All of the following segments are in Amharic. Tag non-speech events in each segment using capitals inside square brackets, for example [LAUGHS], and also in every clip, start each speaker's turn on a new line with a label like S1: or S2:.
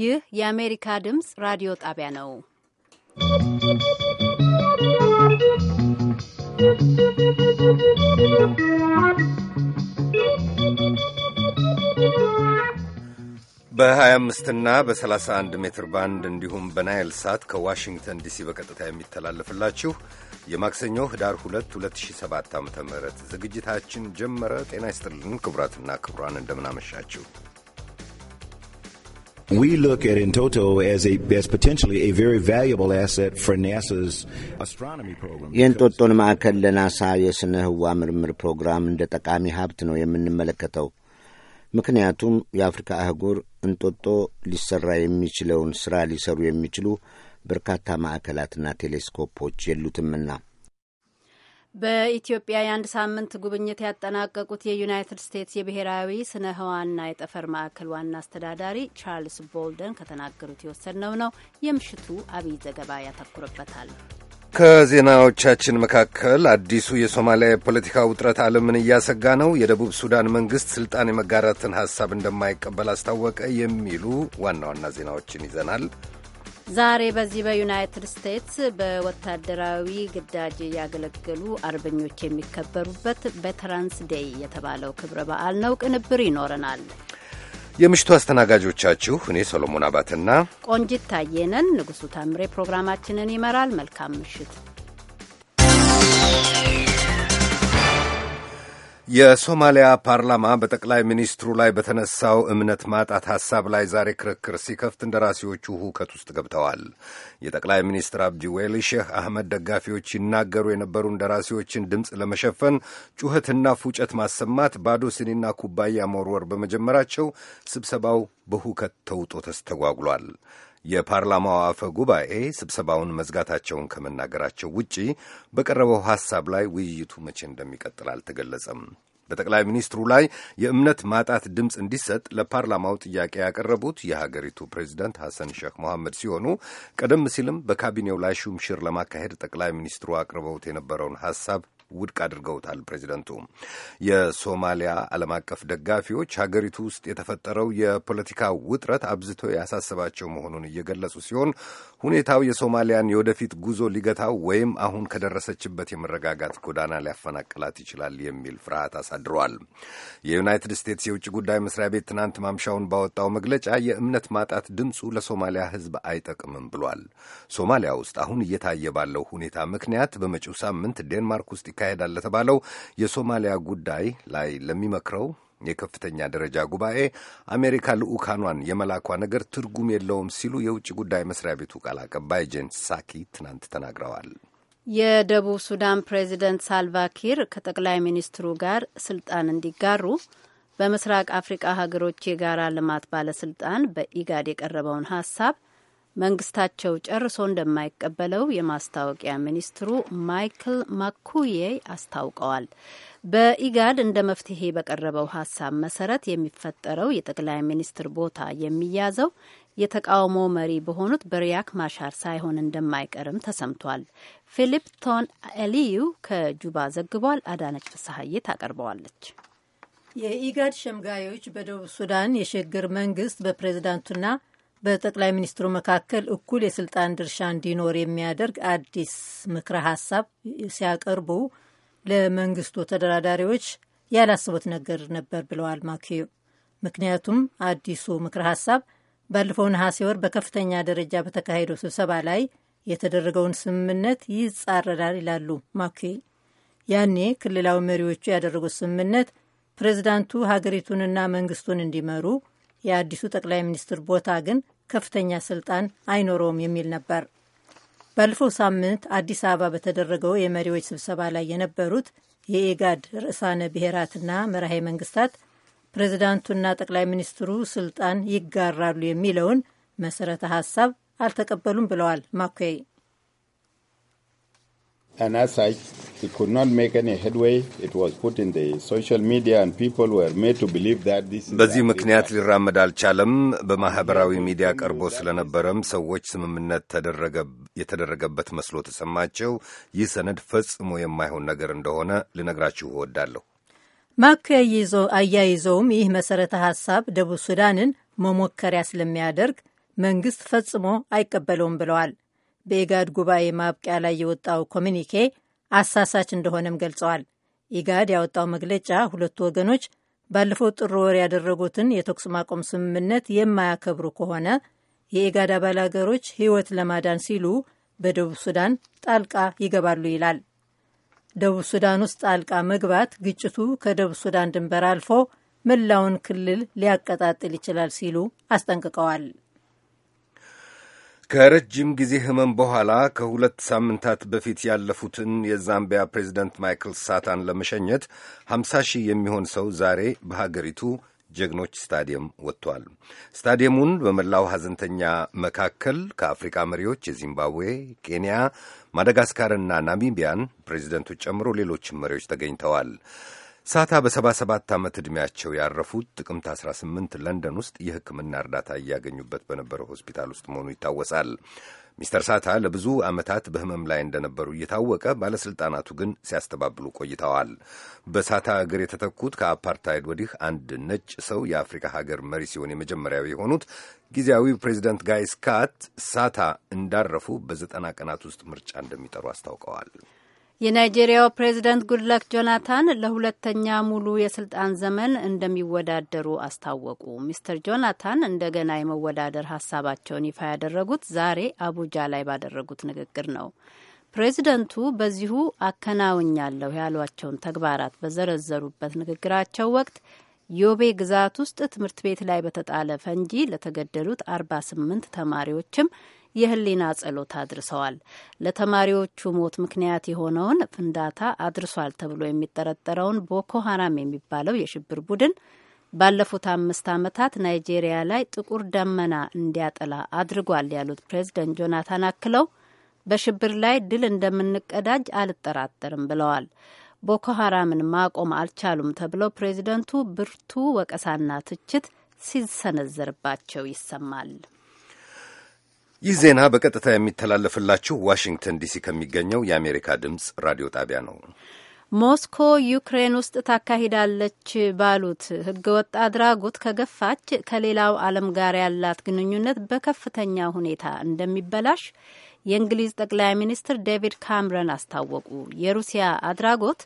S1: ይህ የአሜሪካ ድምፅ ራዲዮ ጣቢያ ነው።
S2: በ25 እና በ31 ሜትር ባንድ እንዲሁም በናይል ሳት ከዋሽንግተን ዲሲ በቀጥታ የሚተላለፍላችሁ የማክሰኞ ህዳር 2 2007 ዓ ም ዝግጅታችን ጀመረ። ጤና ይስጥልን ክቡራትና ክቡራን እንደምናመሻችሁ።
S3: We look at
S4: Entoto as, a, as potentially a very valuable asset for NASA's astronomy program. የእንጦጦን ማዕከል ለናሳ የስነ ህዋ ምርምር ፕሮግራም እንደ ጠቃሚ ሀብት ነው የምንመለከተው። ምክንያቱም የአፍሪካ አህጉር እንጦጦ ሊሰራ የሚችለውን ስራ ሊሰሩ የሚችሉ በርካታ ማዕከላትና ቴሌስኮፖች የሉትምና።
S1: በኢትዮጵያ የአንድ ሳምንት ጉብኝት ያጠናቀቁት የዩናይትድ ስቴትስ የብሔራዊ ስነ ህዋና የጠፈር ማዕከል ዋና አስተዳዳሪ ቻርልስ ቦልደን ከተናገሩት የወሰድነው ነው። የምሽቱ አብይ ዘገባ ያተኩርበታል።
S2: ከዜናዎቻችን መካከል አዲሱ የሶማሊያ የፖለቲካ ውጥረት ዓለምን እያሰጋ ነው፣ የደቡብ ሱዳን መንግሥት ሥልጣን የመጋራትን ሐሳብ እንደማይቀበል አስታወቀ፣ የሚሉ ዋና ዋና ዜናዎችን ይዘናል።
S1: ዛሬ በዚህ በዩናይትድ ስቴትስ በወታደራዊ ግዳጅ ያገለገሉ አርበኞች የሚከበሩበት ቬተራንስ ዴይ የተባለው ክብረ በዓል ነው። ቅንብር ይኖረናል።
S2: የምሽቱ አስተናጋጆቻችሁ እኔ ሰሎሞን አባትና
S1: ቆንጂት ታየነን። ንጉሱ ታምሬ ፕሮግራማችንን ይመራል። መልካም ምሽት
S2: የሶማሊያ ፓርላማ በጠቅላይ ሚኒስትሩ ላይ በተነሳው እምነት ማጣት ሐሳብ ላይ ዛሬ ክርክር ሲከፍት እንደራሴዎቹ ሁከት ውስጥ ገብተዋል። የጠቅላይ ሚኒስትር አብዲ ወይሊ ሼህ አህመድ ደጋፊዎች ይናገሩ የነበሩ እንደራሴዎችን ድምፅ ለመሸፈን ጩኸትና ፉጨት ማሰማት፣ ባዶ ሲኒና ኩባያ መወርወር በመጀመራቸው ስብሰባው በሁከት ተውጦ ተስተጓጉሏል። የፓርላማው አፈ ጉባኤ ስብሰባውን መዝጋታቸውን ከመናገራቸው ውጪ በቀረበው ሐሳብ ላይ ውይይቱ መቼ እንደሚቀጥል አልተገለጸም። በጠቅላይ ሚኒስትሩ ላይ የእምነት ማጣት ድምፅ እንዲሰጥ ለፓርላማው ጥያቄ ያቀረቡት የሀገሪቱ ፕሬዚደንት ሐሰን ሼክ መሐመድ ሲሆኑ ቀደም ሲልም በካቢኔው ላይ ሹምሽር ለማካሄድ ጠቅላይ ሚኒስትሩ አቅርበውት የነበረውን ሐሳብ ውድቅ አድርገውታል። ፕሬዚደንቱ የሶማሊያ ዓለም አቀፍ ደጋፊዎች ሀገሪቱ ውስጥ የተፈጠረው የፖለቲካ ውጥረት አብዝቶ ያሳሰባቸው መሆኑን እየገለጹ ሲሆን ሁኔታው የሶማሊያን የወደፊት ጉዞ ሊገታው ወይም አሁን ከደረሰችበት የመረጋጋት ጎዳና ሊያፈናቅላት ይችላል የሚል ፍርሃት አሳድረዋል። የዩናይትድ ስቴትስ የውጭ ጉዳይ መስሪያ ቤት ትናንት ማምሻውን ባወጣው መግለጫ የእምነት ማጣት ድምፁ ለሶማሊያ ሕዝብ አይጠቅምም ብሏል። ሶማሊያ ውስጥ አሁን እየታየ ባለው ሁኔታ ምክንያት በመጪው ሳምንት ዴንማርክ ውስጥ ይካሄዳል ለተባለው የሶማሊያ ጉዳይ ላይ ለሚመክረው የከፍተኛ ደረጃ ጉባኤ አሜሪካ ልዑካኗን የመላኳ ነገር ትርጉም የለውም ሲሉ የውጭ ጉዳይ መስሪያ ቤቱ ቃል አቀባይ ጄን ሳኪ ትናንት ተናግረዋል።
S1: የደቡብ ሱዳን ፕሬዚደንት ሳልቫኪር ከጠቅላይ ሚኒስትሩ ጋር ስልጣን እንዲጋሩ በምስራቅ አፍሪቃ ሀገሮች የጋራ ልማት ባለስልጣን በኢጋድ የቀረበውን ሀሳብ መንግስታቸው ጨርሶ እንደማይቀበለው የማስታወቂያ ሚኒስትሩ ማይክል ማኩዬ አስታውቀዋል። በኢጋድ እንደ መፍትሄ በቀረበው ሀሳብ መሰረት የሚፈጠረው የጠቅላይ ሚኒስትር ቦታ የሚያዘው የተቃውሞ መሪ በሆኑት በሪያክ ማሻር ሳይሆን እንደማይቀርም ተሰምቷል። ፊሊፕ ቶን
S5: ኤሊዩ ከጁባ ዘግቧል። አዳነች ፍስሀዬ ታቀርበዋለች። የኢጋድ ሸምጋዮች በደቡብ ሱዳን የሽግግር መንግስት በፕሬዝዳንቱና በጠቅላይ ሚኒስትሩ መካከል እኩል የስልጣን ድርሻ እንዲኖር የሚያደርግ አዲስ ምክረ ሀሳብ ሲያቀርቡ ለመንግስቱ ተደራዳሪዎች ያላስቡት ነገር ነበር ብለዋል ማኪዩ። ምክንያቱም አዲሱ ምክረ ሀሳብ ባለፈው ነሐሴ ወር በከፍተኛ ደረጃ በተካሄደው ስብሰባ ላይ የተደረገውን ስምምነት ይጻረራል ይላሉ ማኪዩ። ያኔ ክልላዊ መሪዎቹ ያደረጉት ስምምነት ፕሬዚዳንቱ ሀገሪቱንና መንግስቱን እንዲመሩ የአዲሱ ጠቅላይ ሚኒስትር ቦታ ግን ከፍተኛ ስልጣን አይኖረውም የሚል ነበር። ባለፈው ሳምንት አዲስ አበባ በተደረገው የመሪዎች ስብሰባ ላይ የነበሩት የኢጋድ ርዕሳነ ብሔራትና መራሄ መንግስታት ፕሬዚዳንቱና ጠቅላይ ሚኒስትሩ ስልጣን ይጋራሉ የሚለውን መሰረተ ሀሳብ አልተቀበሉም ብለዋል ማኮይ
S6: And as such, it could not make any headway. It was put in the social media and people were made to believe that this በዚህ
S2: ምክንያት ሊራመድ አልቻለም። በማህበራዊ ሚዲያ ቀርቦ ስለነበረም ሰዎች ስምምነት የተደረገበት መስሎ ተሰማቸው። ይህ ሰነድ ፈጽሞ የማይሆን ነገር እንደሆነ ልነግራችሁ እወዳለሁ።
S5: ማክ አያይዘውም ይህ መሰረተ ሀሳብ ደቡብ ሱዳንን መሞከሪያ ስለሚያደርግ መንግስት ፈጽሞ አይቀበለውም ብለዋል። በኢጋድ ጉባኤ ማብቂያ ላይ የወጣው ኮሚኒኬ አሳሳች እንደሆነም ገልጸዋል። ኢጋድ ያወጣው መግለጫ ሁለቱ ወገኖች ባለፈው ጥር ወር ያደረጉትን የተኩስ ማቆም ስምምነት የማያከብሩ ከሆነ የኢጋድ አባል አገሮች ሕይወት ለማዳን ሲሉ በደቡብ ሱዳን ጣልቃ ይገባሉ ይላል። ደቡብ ሱዳን ውስጥ ጣልቃ መግባት ግጭቱ ከደቡብ ሱዳን ድንበር አልፎ መላውን ክልል ሊያቀጣጥል ይችላል ሲሉ አስጠንቅቀዋል።
S2: ከረጅም ጊዜ ህመም በኋላ ከሁለት ሳምንታት በፊት ያለፉትን የዛምቢያ ፕሬዚደንት ማይክል ሳታን ለመሸኘት ሃምሳ ሺህ የሚሆን ሰው ዛሬ በሀገሪቱ ጀግኖች ስታዲየም ወጥቷል። ስታዲየሙን በመላው ሐዘንተኛ መካከል ከአፍሪካ መሪዎች የዚምባብዌ፣ ኬንያ፣ ማደጋስካርና ናሚቢያን ፕሬዚደንቱ ጨምሮ ሌሎችም መሪዎች ተገኝተዋል። ሳታ በ77 ዓመት ዕድሜያቸው ያረፉት ጥቅምት 18 ለንደን ውስጥ የሕክምና እርዳታ እያገኙበት በነበረው ሆስፒታል ውስጥ መሆኑ ይታወሳል። ሚስተር ሳታ ለብዙ ዓመታት በህመም ላይ እንደነበሩ እየታወቀ ባለሥልጣናቱ ግን ሲያስተባብሉ ቆይተዋል። በሳታ እግር የተተኩት ከአፓርታይድ ወዲህ አንድ ነጭ ሰው የአፍሪካ ሀገር መሪ ሲሆን የመጀመሪያው የሆኑት ጊዜያዊ ፕሬዚደንት ጋይ ስካት ሳታ እንዳረፉ በዘጠና ቀናት ውስጥ ምርጫ እንደሚጠሩ አስታውቀዋል።
S1: የናይጄሪያው ፕሬዚደንት ጉድለክ ጆናታን ለሁለተኛ ሙሉ የስልጣን ዘመን እንደሚወዳደሩ አስታወቁ። ሚስተር ጆናታን እንደገና የመወዳደር ሀሳባቸውን ይፋ ያደረጉት ዛሬ አቡጃ ላይ ባደረጉት ንግግር ነው። ፕሬዚደንቱ በዚሁ አከናውኛለሁ ያሏቸውን ተግባራት በዘረዘሩበት ንግግራቸው ወቅት ዮቤ ግዛት ውስጥ ትምህርት ቤት ላይ በተጣለ ፈንጂ ለተገደሉት አርባ ስምንት ተማሪዎችም የህሊና ጸሎት አድርሰዋል። ለተማሪዎቹ ሞት ምክንያት የሆነውን ፍንዳታ አድርሷል ተብሎ የሚጠረጠረውን ቦኮ ሀራም የሚባለው የሽብር ቡድን ባለፉት አምስት ዓመታት ናይጄሪያ ላይ ጥቁር ደመና እንዲያጠላ አድርጓል ያሉት ፕሬዝደንት ጆናታን አክለው በሽብር ላይ ድል እንደምንቀዳጅ አልጠራጠርም ብለዋል። ቦኮ ሀራምን ማቆም አልቻሉም ተብለው ፕሬዚደንቱ ብርቱ ወቀሳና ትችት ሲሰነዘርባቸው ይሰማል።
S2: ይህ ዜና በቀጥታ የሚተላለፍላችሁ ዋሽንግተን ዲሲ ከሚገኘው የአሜሪካ ድምፅ ራዲዮ ጣቢያ ነው።
S1: ሞስኮ ዩክሬን ውስጥ ታካሂዳለች ባሉት ህገወጥ አድራጎት ከገፋች ከሌላው ዓለም ጋር ያላት ግንኙነት በከፍተኛ ሁኔታ እንደሚበላሽ የእንግሊዝ ጠቅላይ ሚኒስትር ዴቪድ ካምረን አስታወቁ። የሩሲያ አድራጎት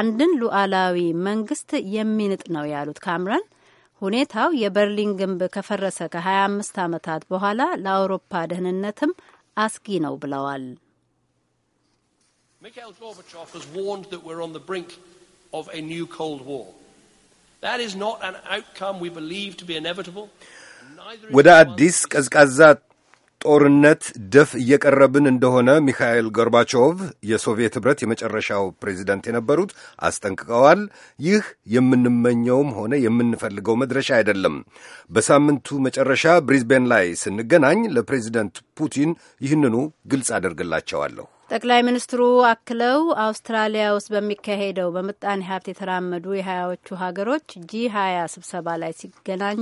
S1: አንድን ሉዓላዊ መንግስት የሚንጥ ነው ያሉት ካምረን ሁኔታው የበርሊን ግንብ ከፈረሰ ከ25 ዓመታት በኋላ ለአውሮፓ ደህንነትም አስጊ ነው ብለዋል።
S7: ወደ
S2: አዲስ ቀዝቃዛ ጦርነት ደፍ እየቀረብን እንደሆነ ሚካኤል ጎርባቾቭ የሶቪየት ኅብረት የመጨረሻው ፕሬዚደንት የነበሩት አስጠንቅቀዋል። ይህ የምንመኘውም ሆነ የምንፈልገው መድረሻ አይደለም። በሳምንቱ መጨረሻ ብሪዝቤን ላይ ስንገናኝ ለፕሬዚደንት ፑቲን ይህንኑ ግልጽ አደርግላቸዋለሁ።
S1: ጠቅላይ ሚኒስትሩ አክለው አውስትራሊያ ውስጥ በሚካሄደው በምጣኔ ሀብት የተራመዱ የሀያዎቹ ሀገሮች ጂ ሀያ ስብሰባ ላይ ሲገናኙ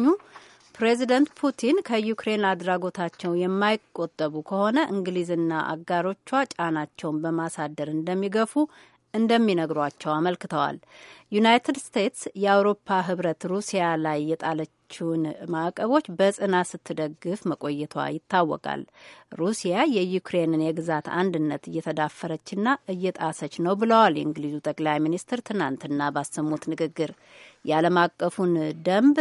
S1: ፕሬዚደንት ፑቲን ከዩክሬን አድራጎታቸው የማይቆጠቡ ከሆነ እንግሊዝና አጋሮቿ ጫናቸውን በማሳደር እንደሚገፉ እንደሚነግሯቸው አመልክተዋል። ዩናይትድ ስቴትስ የአውሮፓ ህብረት ሩሲያ ላይ የጣለችውን ማዕቀቦች በጽና ስትደግፍ መቆየቷ ይታወቃል። ሩሲያ የዩክሬንን የግዛት አንድነት እየተዳፈረችና እየጣሰች ነው ብለዋል የእንግሊዙ ጠቅላይ ሚኒስትር ትናንትና ባሰሙት ንግግር የዓለም አቀፉን ደንብ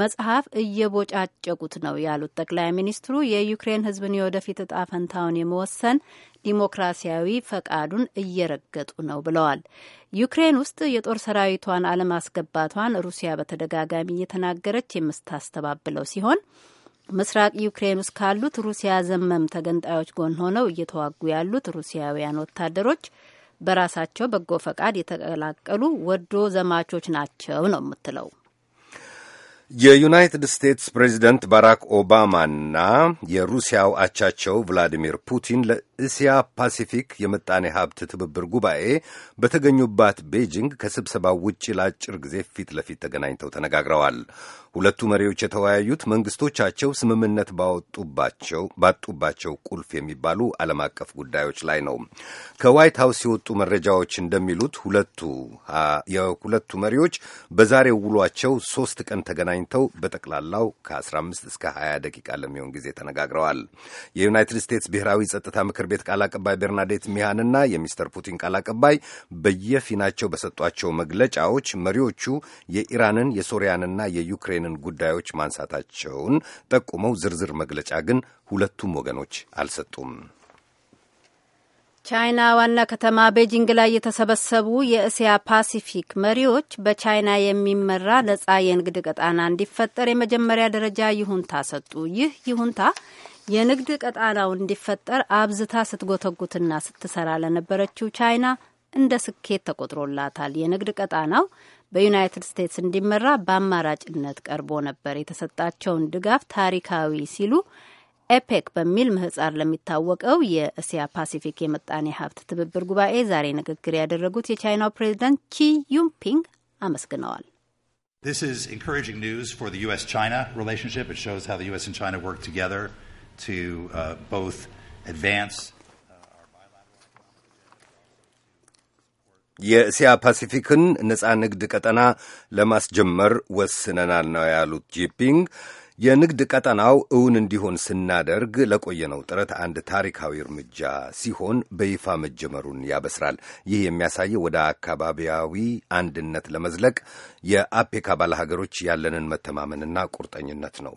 S1: መጽሐፍ እየቦጫጨቁት ነው ያሉት ጠቅላይ ሚኒስትሩ የዩክሬን ሕዝብን የወደፊት እጣ ፈንታውን የመወሰን ዲሞክራሲያዊ ፈቃዱን እየረገጡ ነው ብለዋል። ዩክሬን ውስጥ የጦር ሰራዊቷን አለማስገባቷን ሩሲያ በተደጋጋሚ እየተናገረች የምታስተባብለው ሲሆን ምስራቅ ዩክሬን ውስጥ ካሉት ሩሲያ ዘመም ተገንጣዮች ጎን ሆነው እየተዋጉ ያሉት ሩሲያውያን ወታደሮች በራሳቸው በጎ ፈቃድ የተቀላቀሉ ወዶ ዘማቾች ናቸው ነው የምትለው።
S2: የዩናይትድ ስቴትስ ፕሬዚደንት ባራክ ኦባማና የሩሲያው አቻቸው ቭላዲሚር ፑቲን እስያ ፓሲፊክ የምጣኔ ሀብት ትብብር ጉባኤ በተገኙባት ቤጂንግ ከስብሰባው ውጭ ለአጭር ጊዜ ፊት ለፊት ተገናኝተው ተነጋግረዋል። ሁለቱ መሪዎች የተወያዩት መንግስቶቻቸው ስምምነት ባወጡባቸው ባጡባቸው ቁልፍ የሚባሉ ዓለም አቀፍ ጉዳዮች ላይ ነው። ከዋይት ሀውስ የወጡ መረጃዎች እንደሚሉት ሁለቱ የሁለቱ መሪዎች በዛሬው ውሏቸው ሶስት ቀን ተገናኝተው በጠቅላላው ከ15 እስከ 20 ደቂቃ ለሚሆን ጊዜ ተነጋግረዋል። የዩናይትድ ስቴትስ ብሔራዊ ጸጥታ ምክር ምክር ቤት ቃል አቀባይ ቤርናዴት ሚሃንና የሚስተር ፑቲን ቃል አቀባይ በየፊናቸው በሰጧቸው መግለጫዎች መሪዎቹ የኢራንን የሶሪያንና የዩክሬንን ጉዳዮች ማንሳታቸውን ጠቁመው ዝርዝር መግለጫ ግን ሁለቱም ወገኖች አልሰጡም።
S1: ቻይና ዋና ከተማ ቤጂንግ ላይ የተሰበሰቡ የእስያ ፓሲፊክ መሪዎች በቻይና የሚመራ ነጻ የንግድ ቀጣና እንዲፈጠር የመጀመሪያ ደረጃ ይሁንታ ሰጡ። ይህ ይሁንታ የንግድ ቀጣናው እንዲፈጠር አብዝታ ስትጎተጉትና ስትሰራ ለነበረችው ቻይና እንደ ስኬት ተቆጥሮላታል። የንግድ ቀጣናው በዩናይትድ ስቴትስ እንዲመራ በአማራጭነት ቀርቦ ነበር። የተሰጣቸውን ድጋፍ ታሪካዊ ሲሉ ኤፔክ በሚል ምህጻር ለሚታወቀው የእስያ ፓሲፊክ የመጣኔ ሀብት ትብብር ጉባኤ ዛሬ ንግግር ያደረጉት የቻይናው ፕሬዚዳንት ቺ ዩንፒንግ አመስግነዋል።
S6: This is encouraging news for the U.S. China relationship. It shows how the U.S. and China work together. to uh, both advance
S2: የእስያ ፓሲፊክን ነጻ ንግድ ቀጠና ለማስጀመር ወስነናል ነው ያሉት ጂፒንግ። የንግድ ቀጠናው እውን እንዲሆን ስናደርግ ለቆየነው ጥረት አንድ ታሪካዊ እርምጃ ሲሆን በይፋ መጀመሩን ያበስራል። ይህ የሚያሳየው ወደ አካባቢያዊ አንድነት ለመዝለቅ የአፔክ አባል ሀገሮች ያለንን መተማመንና ቁርጠኝነት ነው።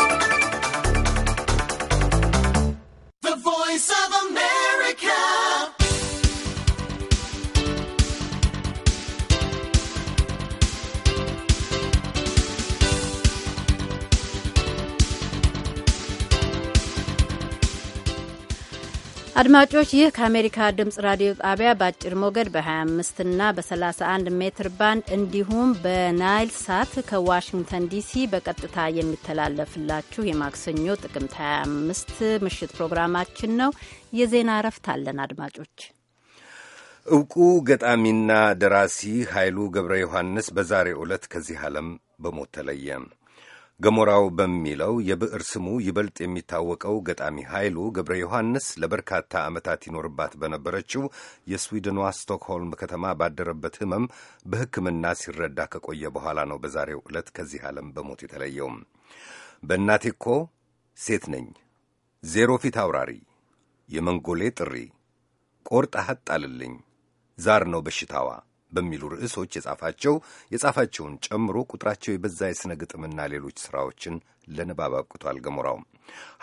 S1: አድማጮች ይህ ከአሜሪካ ድምጽ ራዲዮ ጣቢያ በአጭር ሞገድ በ25 ና በ31 ሜትር ባንድ እንዲሁም በናይል ሳት ከዋሽንግተን ዲሲ በቀጥታ የሚተላለፍላችሁ የማክሰኞ ጥቅምት 25 ምሽት ፕሮግራማችን ነው። የዜና እረፍት አለን። አድማጮች
S2: እውቁ ገጣሚና ደራሲ ኃይሉ ገብረ ዮሐንስ በዛሬ ዕለት ከዚህ ዓለም በሞት ተለየም። ገሞራው በሚለው የብዕር ስሙ ይበልጥ የሚታወቀው ገጣሚ ኃይሉ ገብረ ዮሐንስ ለበርካታ ዓመታት ይኖርባት በነበረችው የስዊድኗ ስቶክሆልም ከተማ ባደረበት ሕመም በሕክምና ሲረዳ ከቆየ በኋላ ነው በዛሬው ዕለት ከዚህ ዓለም በሞት የተለየውም። በእናቴ እኮ ሴት ነኝ፣ ዜሮ ፊት አውራሪ፣ የመንጎሌ ጥሪ፣ ቆርጣ ሀጥ አልልኝ፣ ዛር ነው በሽታዋ በሚሉ ርዕሶች የጻፋቸው የጻፋቸውን ጨምሮ ቁጥራቸው የበዛ የሥነ ግጥምና ሌሎች ሥራዎችን ለንባብ አብቅቷል። ገሞራውም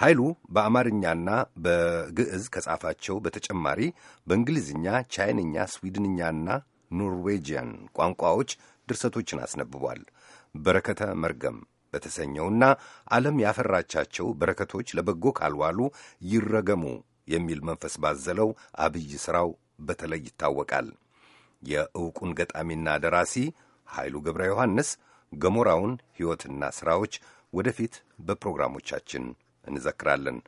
S2: ኃይሉ በአማርኛና በግዕዝ ከጻፋቸው በተጨማሪ በእንግሊዝኛ፣ ቻይንኛ፣ ስዊድንኛና ኖርዌጂያን ቋንቋዎች ድርሰቶችን አስነብቧል። በረከተ መርገም በተሰኘውና ዓለም ያፈራቻቸው በረከቶች ለበጎ ካልዋሉ ይረገሙ የሚል መንፈስ ባዘለው አብይ ሥራው በተለይ ይታወቃል። የእውቁን ገጣሚና ደራሲ ኃይሉ ገብረ ዮሐንስ ገሞራውን ሕይወትና ሥራዎች ወደፊት በፕሮግራሞቻችን እንዘክራለን።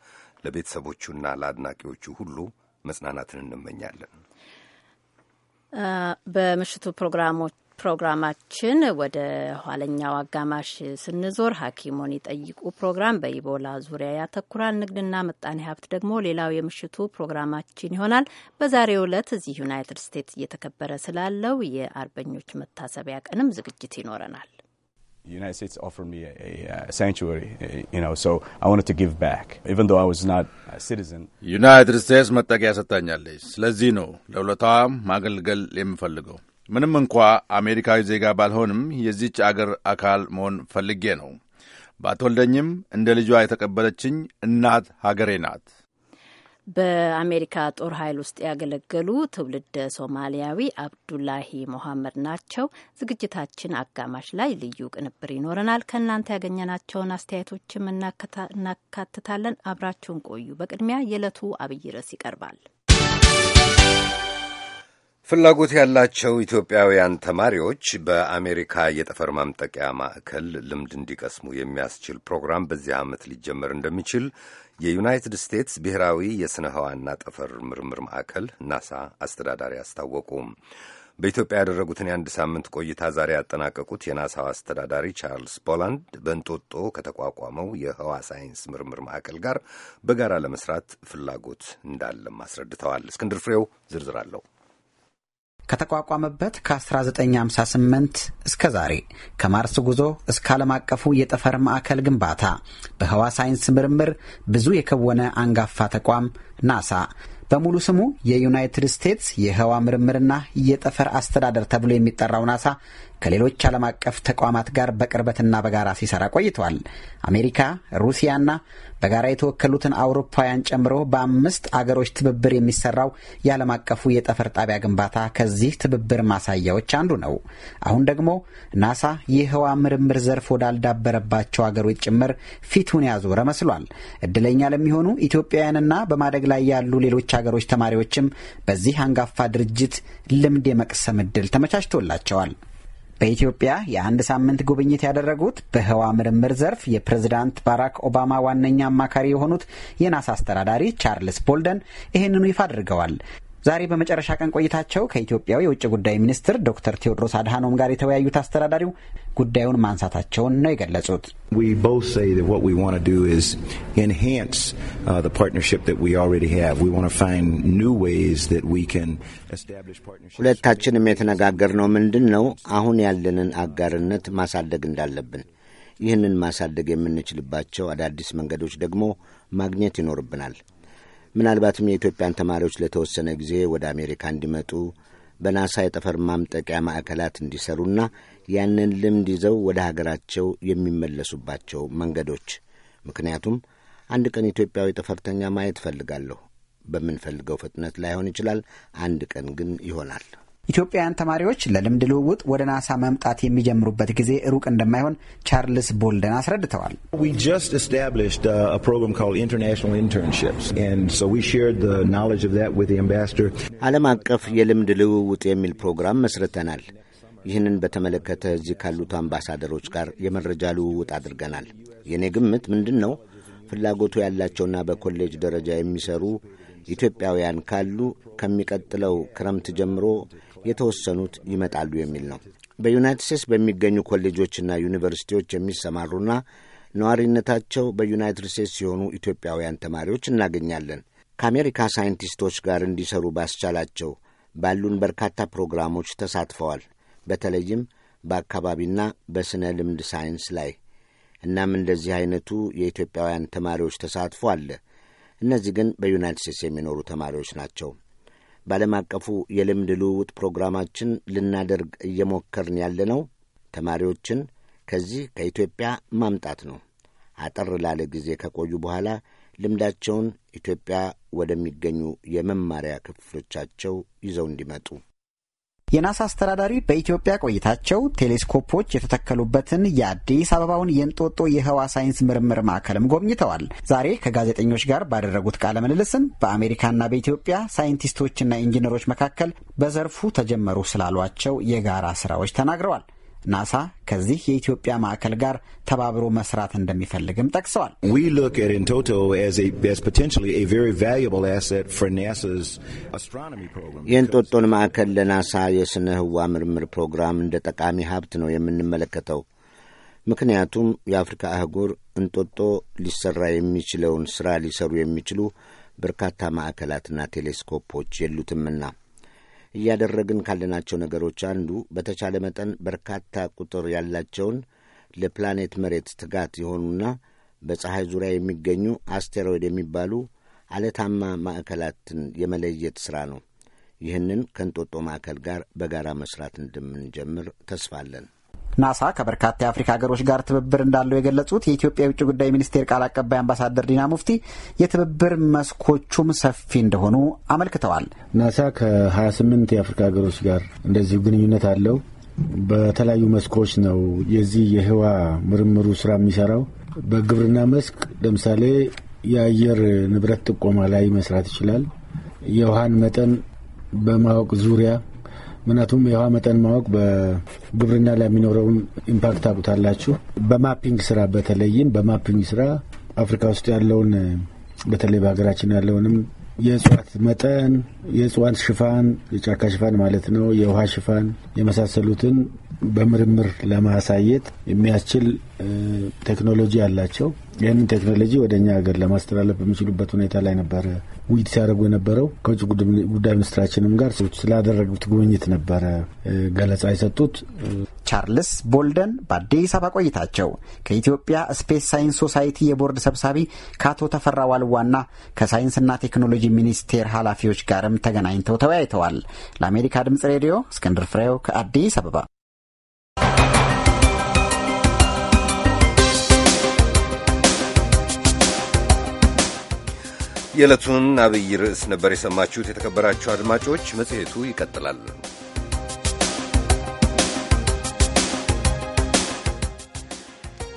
S2: ለቤተሰቦቹና ለአድናቂዎቹ ሁሉ መጽናናትን እንመኛለን።
S1: በምሽቱ ፕሮግራሞች ፕሮግራማችን ወደ ኋለኛው አጋማሽ ስንዞር ሐኪሙን ይጠይቁ ፕሮግራም በኢቦላ ዙሪያ ያተኩራል። ንግድና ምጣኔ ሀብት ደግሞ ሌላው የምሽቱ ፕሮግራማችን ይሆናል። በዛሬው ዕለት እዚህ ዩናይትድ ስቴትስ እየተከበረ ስላለው የአርበኞች መታሰቢያ ቀንም ዝግጅት ይኖረናል።
S6: ዩናይትድ ስቴትስ offered me a, a sanctuary, you know, so I wanted to give back, even though I was not a citizen. ሰጥታኛለች። ስለዚህ ነው ለውለታዋም ማገልገል የምፈልገው። ምንም እንኳ አሜሪካዊ ዜጋ ባልሆንም የዚች አገር አካል መሆን ፈልጌ ነው። ባትወልደኝም እንደ ልጇ የተቀበለችኝ እናት ሀገሬ ናት።
S1: በአሜሪካ ጦር ኃይል ውስጥ ያገለገሉ ትውልደ ሶማሊያዊ አብዱላሂ ሞሐመድ ናቸው። ዝግጅታችን አጋማሽ ላይ ልዩ ቅንብር ይኖረናል። ከእናንተ ያገኘናቸውን አስተያየቶችም እናካትታለን። አብራችሁን ቆዩ። በቅድሚያ የዕለቱ አብይ ርዕስ ይቀርባል።
S2: ፍላጎት ያላቸው ኢትዮጵያውያን ተማሪዎች በአሜሪካ የጠፈር ማምጠቂያ ማዕከል ልምድ እንዲቀስሙ የሚያስችል ፕሮግራም በዚህ ዓመት ሊጀመር እንደሚችል የዩናይትድ ስቴትስ ብሔራዊ የሥነ ህዋና ጠፈር ምርምር ማዕከል ናሳ አስተዳዳሪ አስታወቁ። በኢትዮጵያ ያደረጉትን የአንድ ሳምንት ቆይታ ዛሬ ያጠናቀቁት የናሳው አስተዳዳሪ ቻርልስ ቦላንድ በእንጦጦ ከተቋቋመው የህዋ ሳይንስ ምርምር ማዕከል ጋር በጋራ ለመስራት ፍላጎት እንዳለም አስረድተዋል። እስክንድር ፍሬው ዝርዝር አለው።
S8: ከተቋቋመበት ከ1958 እስከ ዛሬ ከማርስ ጉዞ እስከ ዓለም አቀፉ የጠፈር ማዕከል ግንባታ በህዋ ሳይንስ ምርምር ብዙ የከወነ አንጋፋ ተቋም ናሳ በሙሉ ስሙ የዩናይትድ ስቴትስ የህዋ ምርምርና የጠፈር አስተዳደር ተብሎ የሚጠራው ናሳ ከሌሎች ዓለም አቀፍ ተቋማት ጋር በቅርበትና በጋራ ሲሰራ ቆይተዋል። አሜሪካ፣ ሩሲያና በጋራ የተወከሉትን አውሮፓውያን ጨምሮ በአምስት አገሮች ትብብር የሚሰራው የዓለም አቀፉ የጠፈር ጣቢያ ግንባታ ከዚህ ትብብር ማሳያዎች አንዱ ነው። አሁን ደግሞ ናሳ የህዋ ምርምር ዘርፍ ወዳልዳበረባቸው አገሮች ጭምር ፊቱን ያዞረ መስሏል። እድለኛ ለሚሆኑ ኢትዮጵያውያንና በማደግ ላይ ያሉ ሌሎች አገሮች ተማሪዎችም በዚህ አንጋፋ ድርጅት ልምድ የመቅሰም እድል ተመቻችቶላቸዋል። በኢትዮጵያ የአንድ ሳምንት ጉብኝት ያደረጉት በህዋ ምርምር ዘርፍ የፕሬዝዳንት ባራክ ኦባማ ዋነኛ አማካሪ የሆኑት የናሳ አስተዳዳሪ ቻርልስ ቦልደን ይህንኑ ይፋ አድርገዋል። ዛሬ በመጨረሻ ቀን ቆይታቸው ከኢትዮጵያው የውጭ ጉዳይ ሚኒስትር ዶክተር ቴዎድሮስ አድሃኖም ጋር የተወያዩት አስተዳዳሪው ጉዳዩን ማንሳታቸውን ነው የገለጹት።
S3: uh,
S4: ሁለታችንም የተነጋገርነው ምንድን ነው፣ አሁን ያለንን አጋርነት ማሳደግ እንዳለብን፣ ይህንን ማሳደግ የምንችልባቸው አዳዲስ መንገዶች ደግሞ ማግኘት ይኖርብናል። ምናልባትም የኢትዮጵያን ተማሪዎች ለተወሰነ ጊዜ ወደ አሜሪካ እንዲመጡ በናሳ የጠፈር ማምጠቂያ ማዕከላት እንዲሰሩና ያንን ልምድ ይዘው ወደ ሀገራቸው የሚመለሱባቸው መንገዶች። ምክንያቱም አንድ ቀን ኢትዮጵያዊ ጠፈርተኛ ማየት እፈልጋለሁ። በምንፈልገው ፍጥነት ላይሆን ይችላል። አንድ ቀን ግን ይሆናል።
S8: ኢትዮጵያውያን ተማሪዎች ለልምድ ልውውጥ ወደ ናሳ መምጣት የሚጀምሩበት ጊዜ ሩቅ እንደማይሆን ቻርልስ ቦልደን አስረድተዋል።
S3: uh,
S4: ዓለም አቀፍ የልምድ ልውውጥ የሚል ፕሮግራም መስርተናል። ይህንን በተመለከተ እዚህ ካሉት አምባሳደሮች ጋር የመረጃ ልውውጥ አድርገናል። የእኔ ግምት ምንድን ነው ፍላጎቱ ያላቸውና በኮሌጅ ደረጃ የሚሰሩ ኢትዮጵያውያን ካሉ ከሚቀጥለው ክረምት ጀምሮ የተወሰኑት ይመጣሉ የሚል ነው። በዩናይትድ ስቴትስ በሚገኙ ኮሌጆችና ዩኒቨርሲቲዎች የሚሰማሩና ነዋሪነታቸው በዩናይትድ ስቴትስ የሆኑ ኢትዮጵያውያን ተማሪዎች እናገኛለን። ከአሜሪካ ሳይንቲስቶች ጋር እንዲሰሩ ባስቻላቸው ባሉን በርካታ ፕሮግራሞች ተሳትፈዋል። በተለይም በአካባቢና በሥነ ልምድ ሳይንስ ላይ እናም እንደዚህ አይነቱ የኢትዮጵያውያን ተማሪዎች ተሳትፎ አለ። እነዚህ ግን በዩናይትድ ስቴትስ የሚኖሩ ተማሪዎች ናቸው። በዓለም አቀፉ የልምድ ልውውጥ ፕሮግራማችን ልናደርግ እየሞከርን ያለነው ተማሪዎችን ከዚህ ከኢትዮጵያ ማምጣት ነው። አጠር ላለ ጊዜ ከቆዩ በኋላ ልምዳቸውን ኢትዮጵያ ወደሚገኙ የመማሪያ ክፍሎቻቸው ይዘው እንዲመጡ
S8: የናሳ አስተዳዳሪ በኢትዮጵያ ቆይታቸው ቴሌስኮፖች የተተከሉበትን የአዲስ አበባውን የእንጦጦ የህዋ ሳይንስ ምርምር ማዕከልም ጎብኝተዋል። ዛሬ ከጋዜጠኞች ጋር ባደረጉት ቃለ ምልልስም በአሜሪካና በኢትዮጵያ ሳይንቲስቶችና ኢንጂነሮች መካከል በዘርፉ ተጀመሩ ስላሏቸው የጋራ ስራዎች ተናግረዋል። ናሳ ከዚህ የኢትዮጵያ ማዕከል ጋር ተባብሮ መስራት እንደሚፈልግም ጠቅሰዋል።
S4: የእንጦጦን ማዕከል ለናሳ የስነ ህዋ ምርምር ፕሮግራም እንደ ጠቃሚ ሀብት ነው የምንመለከተው። ምክንያቱም የአፍሪካ አህጉር እንጦጦ ሊሰራ የሚችለውን ስራ ሊሰሩ የሚችሉ በርካታ ማዕከላትና ቴሌስኮፖች የሉትምና እያደረግን ካለናቸው ነገሮች አንዱ በተቻለ መጠን በርካታ ቁጥር ያላቸውን ለፕላኔት መሬት ትጋት የሆኑና በፀሐይ ዙሪያ የሚገኙ አስቴሮይድ የሚባሉ አለታማ ማዕከላትን የመለየት ሥራ ነው። ይህንን ከእንጦጦ ማዕከል ጋር በጋራ መስራት እንደምንጀምር ተስፋለን።
S8: ናሳ ከበርካታ የአፍሪካ ሀገሮች ጋር ትብብር እንዳለው የገለጹት የኢትዮጵያ የውጭ ጉዳይ ሚኒስቴር ቃል አቀባይ አምባሳደር ዲና ሙፍቲ የትብብር
S6: መስኮቹም ሰፊ እንደሆኑ አመልክተዋል። ናሳ ከ28 የአፍሪካ ሀገሮች ጋር እንደዚሁ ግንኙነት አለው። በተለያዩ መስኮች ነው የዚህ የህዋ ምርምሩ ስራ የሚሰራው። በግብርና መስክ ለምሳሌ የአየር ንብረት ጥቆማ ላይ መስራት ይችላል። የውሃን መጠን በማወቅ ዙሪያ ምክንያቱም የውሃ መጠን ማወቅ በግብርና ላይ የሚኖረውን ኢምፓክት አቁታላችሁ። በማፒንግ ስራ በተለይም በማፒንግ ስራ አፍሪካ ውስጥ ያለውን በተለይ በሀገራችን ያለውንም የእጽዋት መጠን፣ የእጽዋት ሽፋን፣ የጫካ ሽፋን ማለት ነው፣ የውሃ ሽፋን የመሳሰሉትን በምርምር ለማሳየት የሚያስችል ቴክኖሎጂ አላቸው። ይህንን ቴክኖሎጂ ወደ እኛ ሀገር ለማስተላለፍ በሚችሉበት ሁኔታ ላይ ነበረ ውይይት ሲያደርጉ የነበረው። ከውጭ ጉዳይ ሚኒስትራችንም ጋር ሰዎች ስላደረጉት ጉብኝት ነበረ ገለጻ የሰጡት።
S8: ቻርልስ ቦልደን በአዲስ አበባ ቆይታቸው ከኢትዮጵያ ስፔስ ሳይንስ ሶሳይቲ የቦርድ ሰብሳቢ ከአቶ ተፈራ ዋልዋና ከሳይንስና ቴክኖሎጂ ሚኒስቴር ኃላፊዎች ጋርም ተገናኝተው ተወያይተዋል። ለአሜሪካ ድምጽ ሬዲዮ እስክንድር ፍሬው ከአዲስ አበባ
S2: የዕለቱን አብይ ርዕስ ነበር የሰማችሁት። የተከበራችሁ አድማጮች፣ መጽሔቱ ይቀጥላል።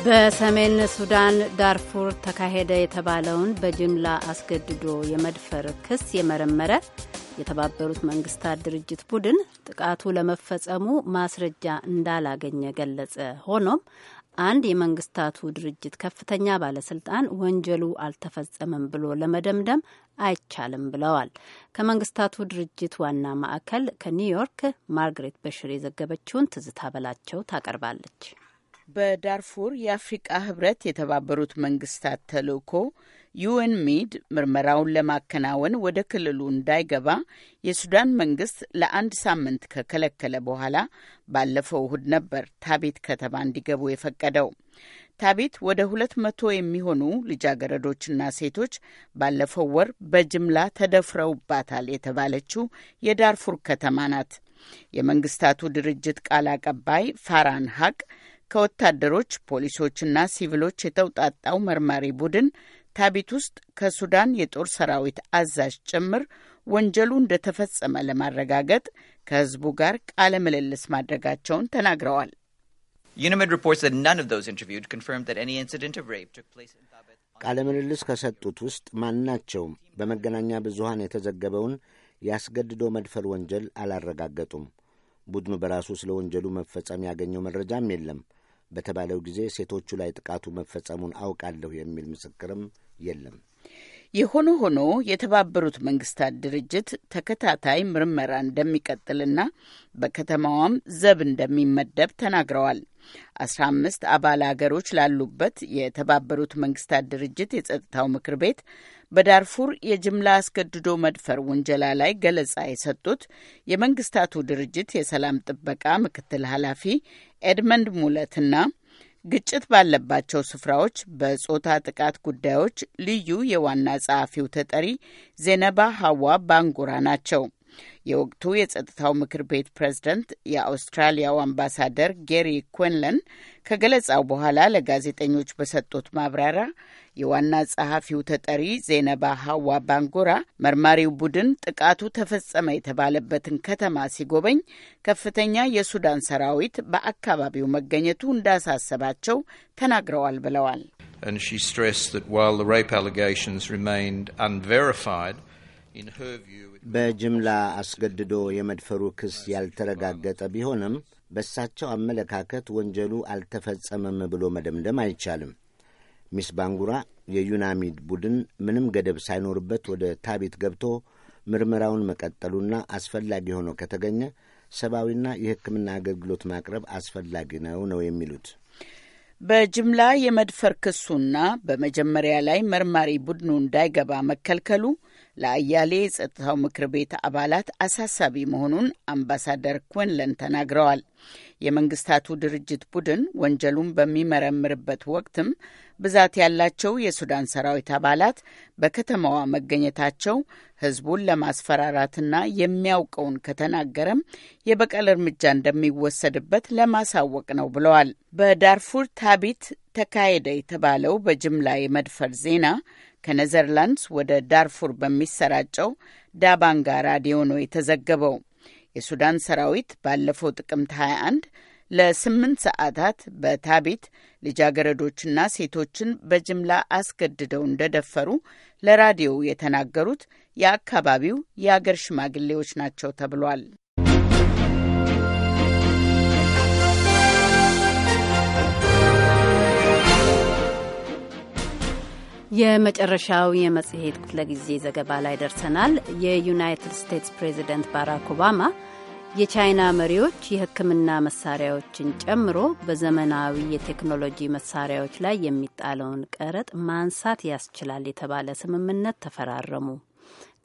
S1: በሰሜን ሱዳን ዳርፉር ተካሄደ የተባለውን በጅምላ አስገድዶ የመድፈር ክስ የመረመረ የተባበሩት መንግስታት ድርጅት ቡድን ጥቃቱ ለመፈጸሙ ማስረጃ እንዳላገኘ ገለጸ። ሆኖም አንድ የመንግስታቱ ድርጅት ከፍተኛ ባለስልጣን ወንጀሉ አልተፈጸመም ብሎ ለመደምደም አይቻልም ብለዋል። ከመንግስታቱ ድርጅት ዋና ማዕከል ከኒውዮርክ
S9: ማርግሬት በሽር የዘገበችውን ትዝታ በላቸው ታቀርባለች። በዳርፉር የአፍሪቃ ህብረት የተባበሩት መንግስታት ተልእኮ ዩኤን ሚድ ምርመራውን ለማከናወን ወደ ክልሉ እንዳይገባ የሱዳን መንግስት ለአንድ ሳምንት ከከለከለ በኋላ ባለፈው እሁድ ነበር ታቤት ከተማ እንዲገቡ የፈቀደው። ታቤት ወደ ሁለት መቶ የሚሆኑ ልጃገረዶችና ሴቶች ባለፈው ወር በጅምላ ተደፍረውባታል የተባለችው የዳርፉር ከተማ ናት። የመንግስታቱ ድርጅት ቃል አቀባይ ፋራን ሀቅ ከወታደሮች ፖሊሶችና ሲቪሎች የተውጣጣው መርማሪ ቡድን ታቤት ውስጥ ከሱዳን የጦር ሰራዊት አዛዥ ጭምር ወንጀሉ እንደተፈጸመ ለማረጋገጥ ከህዝቡ ጋር ቃለ ምልልስ ማድረጋቸውን ተናግረዋል። ቃለ
S4: ምልልስ ከሰጡት ውስጥ ማናቸውም በመገናኛ ብዙሃን የተዘገበውን ያስገድዶ መድፈር ወንጀል አላረጋገጡም። ቡድኑ በራሱ ስለ ወንጀሉ መፈጸም ያገኘው መረጃም የለም። በተባለው ጊዜ ሴቶቹ ላይ ጥቃቱ መፈጸሙን አውቃለሁ የሚል ምስክርም የለም።
S9: የሆነ ሆኖ የተባበሩት መንግስታት ድርጅት ተከታታይ ምርመራ እንደሚቀጥልና በከተማዋም ዘብ እንደሚመደብ ተናግረዋል። አስራ አምስት አባል አገሮች ላሉበት የተባበሩት መንግስታት ድርጅት የጸጥታው ምክር ቤት በዳርፉር የጅምላ አስገድዶ መድፈር ውንጀላ ላይ ገለጻ የሰጡት የመንግስታቱ ድርጅት የሰላም ጥበቃ ምክትል ኃላፊ ኤድመንድ ሙለትና ግጭት ባለባቸው ስፍራዎች በጾታ ጥቃት ጉዳዮች ልዩ የዋና ጸሐፊው ተጠሪ ዜነባ ሀዋ ባንጉራ ናቸው። የወቅቱ የጸጥታው ምክር ቤት ፕሬዝደንት የአውስትራሊያው አምባሳደር ጌሪ ኩንለን ከገለጻው በኋላ ለጋዜጠኞች በሰጡት ማብራሪያ የዋና ጸሐፊው ተጠሪ ዜነባ ሀዋ ባንጎራ መርማሪው ቡድን ጥቃቱ ተፈጸመ የተባለበትን ከተማ ሲጎበኝ ከፍተኛ የሱዳን ሰራዊት በአካባቢው መገኘቱ እንዳሳሰባቸው ተናግረዋል ብለዋል።
S4: And በጅምላ አስገድዶ የመድፈሩ ክስ ያልተረጋገጠ ቢሆንም በእሳቸው አመለካከት ወንጀሉ አልተፈጸመም ብሎ መደምደም አይቻልም። ሚስ ባንጉራ የዩናሚድ ቡድን ምንም ገደብ ሳይኖርበት ወደ ታቢት ገብቶ ምርመራውን መቀጠሉና አስፈላጊ ሆኖ ከተገኘ ሰብአዊና የሕክምና አገልግሎት ማቅረብ አስፈላጊ ነው ነው የሚሉት።
S9: በጅምላ የመድፈር ክሱና በመጀመሪያ ላይ መርማሪ ቡድኑ እንዳይገባ መከልከሉ ለአያሌ የጸጥታው ምክር ቤት አባላት አሳሳቢ መሆኑን አምባሳደር ኩንለን ተናግረዋል። የመንግስታቱ ድርጅት ቡድን ወንጀሉን በሚመረምርበት ወቅትም ብዛት ያላቸው የሱዳን ሰራዊት አባላት በከተማዋ መገኘታቸው ህዝቡን ለማስፈራራትና የሚያውቀውን ከተናገረም የበቀል እርምጃ እንደሚወሰድበት ለማሳወቅ ነው ብለዋል። በዳርፉር ታቢት ተካሄደ የተባለው በጅምላ የመድፈር ዜና ከኔዘርላንድስ ወደ ዳርፉር በሚሰራጨው ዳባንጋ ራዲዮ ነው የተዘገበው። የሱዳን ሰራዊት ባለፈው ጥቅምት 21 ለስምንት ሰዓታት በታቢት ልጃገረዶችና ሴቶችን በጅምላ አስገድደው እንደደፈሩ ለራዲዮው የተናገሩት የአካባቢው የአገር ሽማግሌዎች ናቸው ተብሏል።
S1: የመጨረሻው የመጽሔት ክፍለ ጊዜ ዘገባ ላይ ደርሰናል። የዩናይትድ ስቴትስ ፕሬዚደንት ባራክ ኦባማ የቻይና መሪዎች የሕክምና መሳሪያዎችን ጨምሮ በዘመናዊ የቴክኖሎጂ መሳሪያዎች ላይ የሚጣለውን ቀረጥ ማንሳት ያስችላል የተባለ ስምምነት ተፈራረሙ።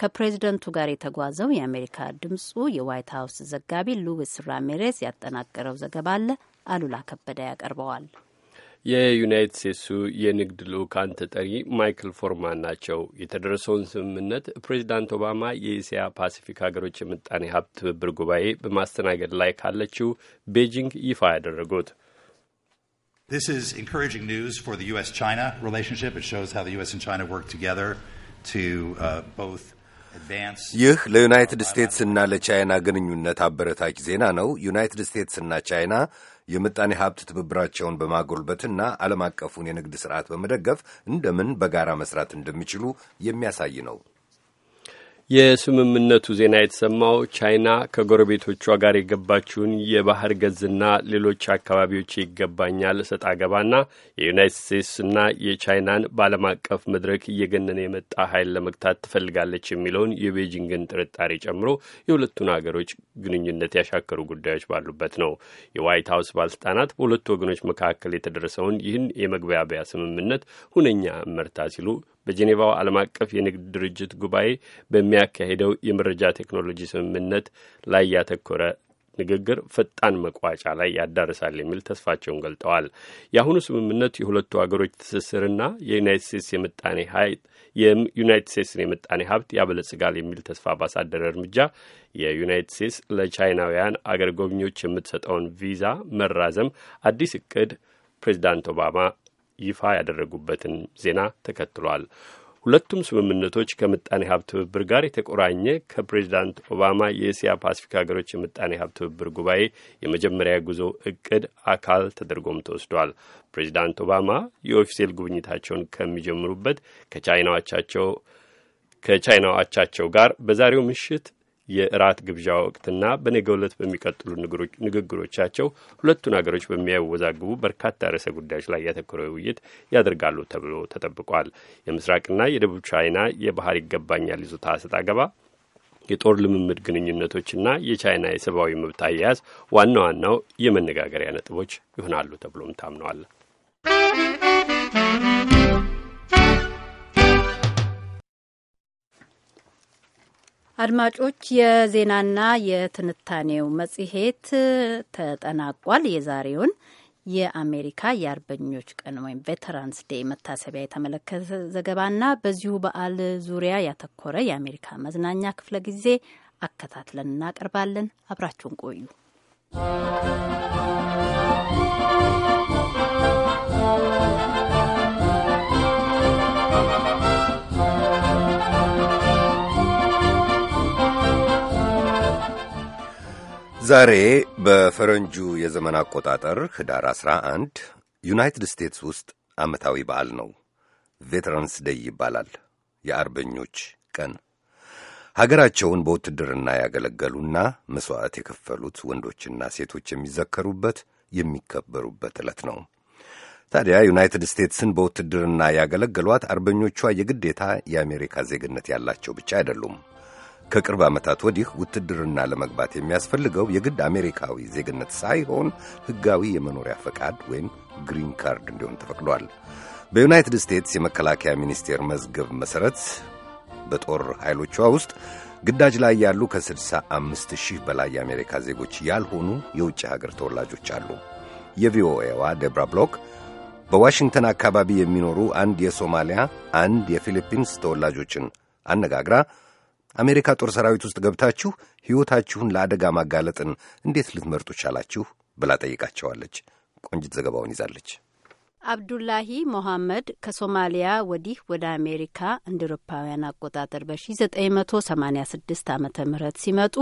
S1: ከፕሬዝደንቱ ጋር የተጓዘው የአሜሪካ ድምፁ የዋይት ሀውስ ዘጋቢ ሉዊስ ራሜሬዝ ያጠናቀረው ዘገባ አለ። አሉላ ከበደ ያቀርበዋል።
S7: የዩናይትድ ስቴትሱ የንግድ ልዑካን ተጠሪ ማይክል ፎርማን ናቸው። የተደረሰውን ስምምነት ፕሬዚዳንት ኦባማ የእስያ ፓሲፊክ ሀገሮች የምጣኔ ሀብት ትብብር ጉባኤ በማስተናገድ
S6: ላይ ካለችው ቤጂንግ ይፋ ያደረጉት This is encouraging news for the U.S. China relationship. It shows how the U.S. and China work together to uh,
S2: both ይህ ለዩናይትድ ስቴትስ እና ለቻይና ግንኙነት አበረታች ዜና ነው። ዩናይትድ እና ቻይና የምጣኔ ሀብት ትብብራቸውን በማጎልበትና ዓለም አቀፉን የንግድ ስርዓት በመደገፍ እንደምን በጋራ መስራት እንደሚችሉ የሚያሳይ ነው።
S7: የስምምነቱ ዜና የተሰማው ቻይና ከጎረቤቶቿ ጋር የገባችውን የባህር ገዝና ሌሎች አካባቢዎች ይገባኛል ሰጣ ገባና የዩናይትድ ስቴትስና የቻይናን በዓለም አቀፍ መድረክ እየገነነ የመጣ ኃይል ለመግታት ትፈልጋለች የሚለውን የቤጂንግን ጥርጣሬ ጨምሮ የሁለቱን አገሮች ግንኙነት ያሻከሩ ጉዳዮች ባሉበት ነው። የዋይት ሀውስ ባለስልጣናት በሁለቱ ወገኖች መካከል የተደረሰውን ይህን የመግባቢያ ስምምነት ሁነኛ እመርታ ሲሉ በጄኔቫው ዓለም አቀፍ የንግድ ድርጅት ጉባኤ በሚያካሄደው የመረጃ ቴክኖሎጂ ስምምነት ላይ ያተኮረ ንግግር ፈጣን መቋጫ ላይ ያዳርሳል የሚል ተስፋቸውን ገልጠዋል። የአሁኑ ስምምነት የሁለቱ ሀገሮች ትስስርና የዩናይት ስቴትስ የምጣኔ የዩናይት ስቴትስን የምጣኔ ሀብት ያበለጽጋል የሚል ተስፋ ባሳደረ እርምጃ የዩናይት ስቴትስ ለቻይናውያን አገር ጎብኚዎች የምትሰጠውን ቪዛ መራዘም አዲስ እቅድ ፕሬዚዳንት ኦባማ ይፋ ያደረጉበትን ዜና ተከትሏል። ሁለቱም ስምምነቶች ከምጣኔ ሀብት ትብብር ጋር የተቆራኘ ከፕሬዚዳንት ኦባማ የእስያ ፓሲፊክ ሀገሮች የምጣኔ ሀብት ትብብር ጉባኤ የመጀመሪያ ጉዞ እቅድ አካል ተደርጎም ተወስዷል። ፕሬዚዳንት ኦባማ የኦፊሴል ጉብኝታቸውን ከሚጀምሩበት ከቻይናዎቻቸው ከቻይናው ጋር በዛሬው ምሽት የእራት ግብዣ ወቅትና በነገ ዕለት በሚቀጥሉ ንግግሮቻቸው ሁለቱን ሀገሮች በሚያወዛግቡ በርካታ ርዕሰ ጉዳዮች ላይ ያተኮረ ውይይት ያደርጋሉ ተብሎ ተጠብቋል። የምስራቅና የደቡብ ቻይና የባህር ይገባኛል ይዞታ ሰጥ አገባ፣ የጦር ልምምድ ግንኙነቶችና የቻይና የሰብአዊ መብት አያያዝ ዋና ዋናው የመነጋገሪያ ነጥቦች ይሆናሉ ተብሎም ታምነዋል።
S1: አድማጮች የዜናና የትንታኔው መጽሔት ተጠናቋል። የዛሬውን የአሜሪካ የአርበኞች ቀን ወይም ቬተራንስ ዴይ መታሰቢያ የተመለከተ ዘገባና በዚሁ በዓል ዙሪያ ያተኮረ የአሜሪካ መዝናኛ ክፍለ ጊዜ አከታትለን እናቀርባለን። አብራችሁን ቆዩ። Thank
S3: you.
S2: ዛሬ በፈረንጁ የዘመን አቆጣጠር ህዳር 11 ዩናይትድ ስቴትስ ውስጥ ዓመታዊ በዓል ነው። ቬተራንስ ደይ ይባላል። የአርበኞች ቀን ሀገራቸውን በውትድርና ያገለገሉና መሥዋዕት የከፈሉት ወንዶችና ሴቶች የሚዘከሩበት የሚከበሩበት ዕለት ነው። ታዲያ ዩናይትድ ስቴትስን በውትድርና ያገለገሏት አርበኞቿ የግዴታ የአሜሪካ ዜግነት ያላቸው ብቻ አይደሉም። ከቅርብ ዓመታት ወዲህ ውትድርና ለመግባት የሚያስፈልገው የግድ አሜሪካዊ ዜግነት ሳይሆን ሕጋዊ የመኖሪያ ፈቃድ ወይም ግሪን ካርድ እንዲሆን ተፈቅዷል። በዩናይትድ ስቴትስ የመከላከያ ሚኒስቴር መዝገብ መሠረት በጦር ኃይሎቿ ውስጥ ግዳጅ ላይ ያሉ ከ65 ሺህ በላይ የአሜሪካ ዜጎች ያልሆኑ የውጭ ሀገር ተወላጆች አሉ። የቪኦኤዋ ዴብራ ብሎክ በዋሽንግተን አካባቢ የሚኖሩ አንድ የሶማሊያ አንድ የፊሊፒንስ ተወላጆችን አነጋግራ አሜሪካ ጦር ሰራዊት ውስጥ ገብታችሁ ሕይወታችሁን ለአደጋ ማጋለጥን እንዴት ልትመርጡ ቻላችሁ ብላ ጠይቃቸዋለች። ቆንጅት ዘገባውን ይዛለች።
S1: አብዱላሂ ሞሐመድ ከሶማሊያ ወዲህ ወደ አሜሪካ እንደ አቆጣጠር በ1986 ዓ ም ሲመጡ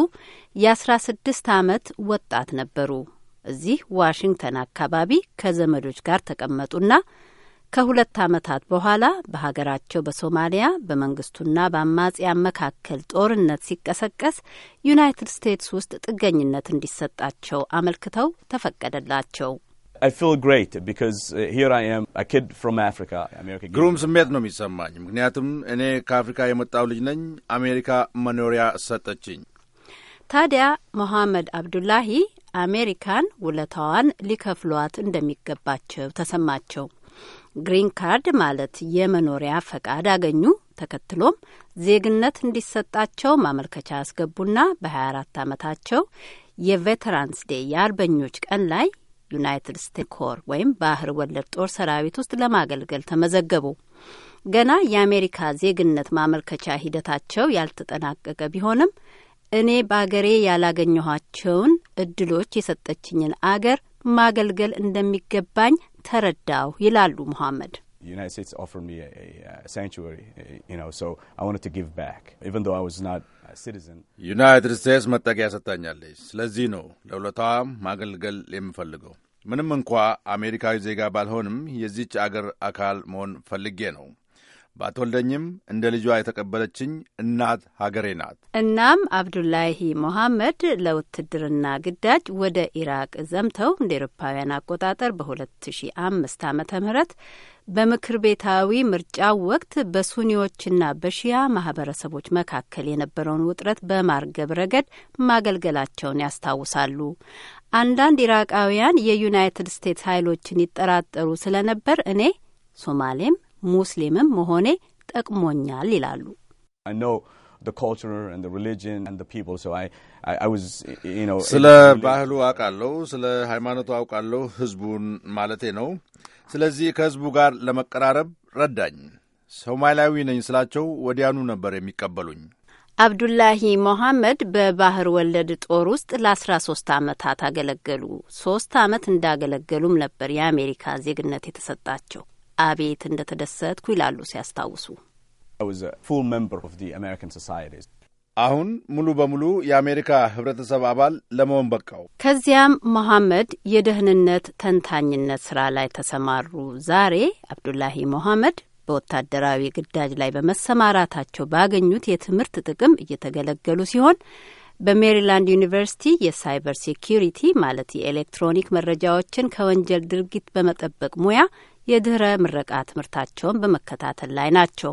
S1: የ16 ዓመት ወጣት ነበሩ። እዚህ ዋሽንግተን አካባቢ ከዘመዶች ጋር ተቀመጡና ከሁለት ዓመታት በኋላ በሀገራቸው በሶማሊያ በመንግስቱና በአማጽያን መካከል ጦርነት ሲቀሰቀስ ዩናይትድ ስቴትስ ውስጥ ጥገኝነት እንዲሰጣቸው አመልክተው ተፈቀደላቸው።
S6: uh, ግሩም ስሜት ነው የሚሰማኝ፣ ምክንያቱም እኔ ከአፍሪካ የመጣው ልጅ ነኝ። አሜሪካ መኖሪያ ሰጠችኝ።
S1: ታዲያ ሞሐመድ አብዱላሂ አሜሪካን ውለታዋን ሊከፍሏት እንደሚገባቸው ተሰማቸው። ግሪን ካርድ ማለት የመኖሪያ ፈቃድ አገኙ። ተከትሎም ዜግነት እንዲሰጣቸው ማመልከቻ አስገቡና በ24 ዓመታቸው የቬተራንስ ዴ የአርበኞች ቀን ላይ ዩናይትድ ስቴትስ ኮር ወይም ባህር ወለድ ጦር ሰራዊት ውስጥ ለማገልገል ተመዘገቡ። ገና የአሜሪካ ዜግነት ማመልከቻ ሂደታቸው ያልተጠናቀቀ ቢሆንም እኔ በአገሬ ያላገኘኋቸውን እድሎች የሰጠችኝን አገር ማገልገል እንደሚገባኝ ተረዳው ይላሉ መሐመድ።
S6: ዩናይትድ ስቴትስ መጠጊያ ሰጥታኛለች። ስለዚህ ነው ለውለታዋም ማገልገል የምፈልገው። ምንም እንኳ አሜሪካዊ ዜጋ ባልሆንም የዚች አገር አካል መሆን ፈልጌ ነው። ባትወልደኝም እንደ ልጇ የተቀበለችኝ እናት ሀገሬ ናት።
S1: እናም አብዱላሂ ሞሐመድ ለውትድርና ግዳጅ ወደ ኢራቅ ዘምተው እንደ ኤሮፓውያን አቆጣጠር በ2005 ዓ ም በምክር ቤታዊ ምርጫው ወቅት በሱኒዎችና በሺያ ማህበረሰቦች መካከል የነበረውን ውጥረት በማርገብ ረገድ ማገልገላቸውን ያስታውሳሉ። አንዳንድ ኢራቃውያን የዩናይትድ ስቴትስ ኃይሎችን ይጠራጠሩ ስለነበር እኔ ሶማሌም ሙስሊምም መሆኔ ጠቅሞኛል ይላሉ።
S6: ስለ ባህሉ አውቃለሁ፣ ስለ ሃይማኖቱ አውቃለሁ፣ ህዝቡን ማለቴ ነው። ስለዚህ ከህዝቡ ጋር ለመቀራረብ ረዳኝ። ሶማሊያዊ ነኝ ስላቸው ወዲያኑ ነበር የሚቀበሉኝ።
S1: አብዱላሂ ሞሐመድ በባህር ወለድ ጦር ውስጥ ለአስራ ሶስት ዓመታት አገለገሉ። ሶስት ዓመት እንዳገለገሉም ነበር የአሜሪካ ዜግነት የተሰጣቸው።
S6: አቤት እንደተደሰትኩ ይላሉ ሲያስታውሱ። አሁን ሙሉ በሙሉ የአሜሪካ ህብረተሰብ አባል ለመሆን በቃው።
S1: ከዚያም መሐመድ የደህንነት ተንታኝነት ስራ ላይ ተሰማሩ። ዛሬ አብዱላሂ መሐመድ በወታደራዊ ግዳጅ ላይ በመሰማራታቸው ባገኙት የትምህርት ጥቅም እየተገለገሉ ሲሆን በሜሪላንድ ዩኒቨርሲቲ የሳይበር ሴኪሪቲ ማለት የኤሌክትሮኒክ መረጃዎችን ከወንጀል ድርጊት በመጠበቅ ሙያ የድኅረ ምረቃ ትምህርታቸውን በመከታተል ላይ ናቸው።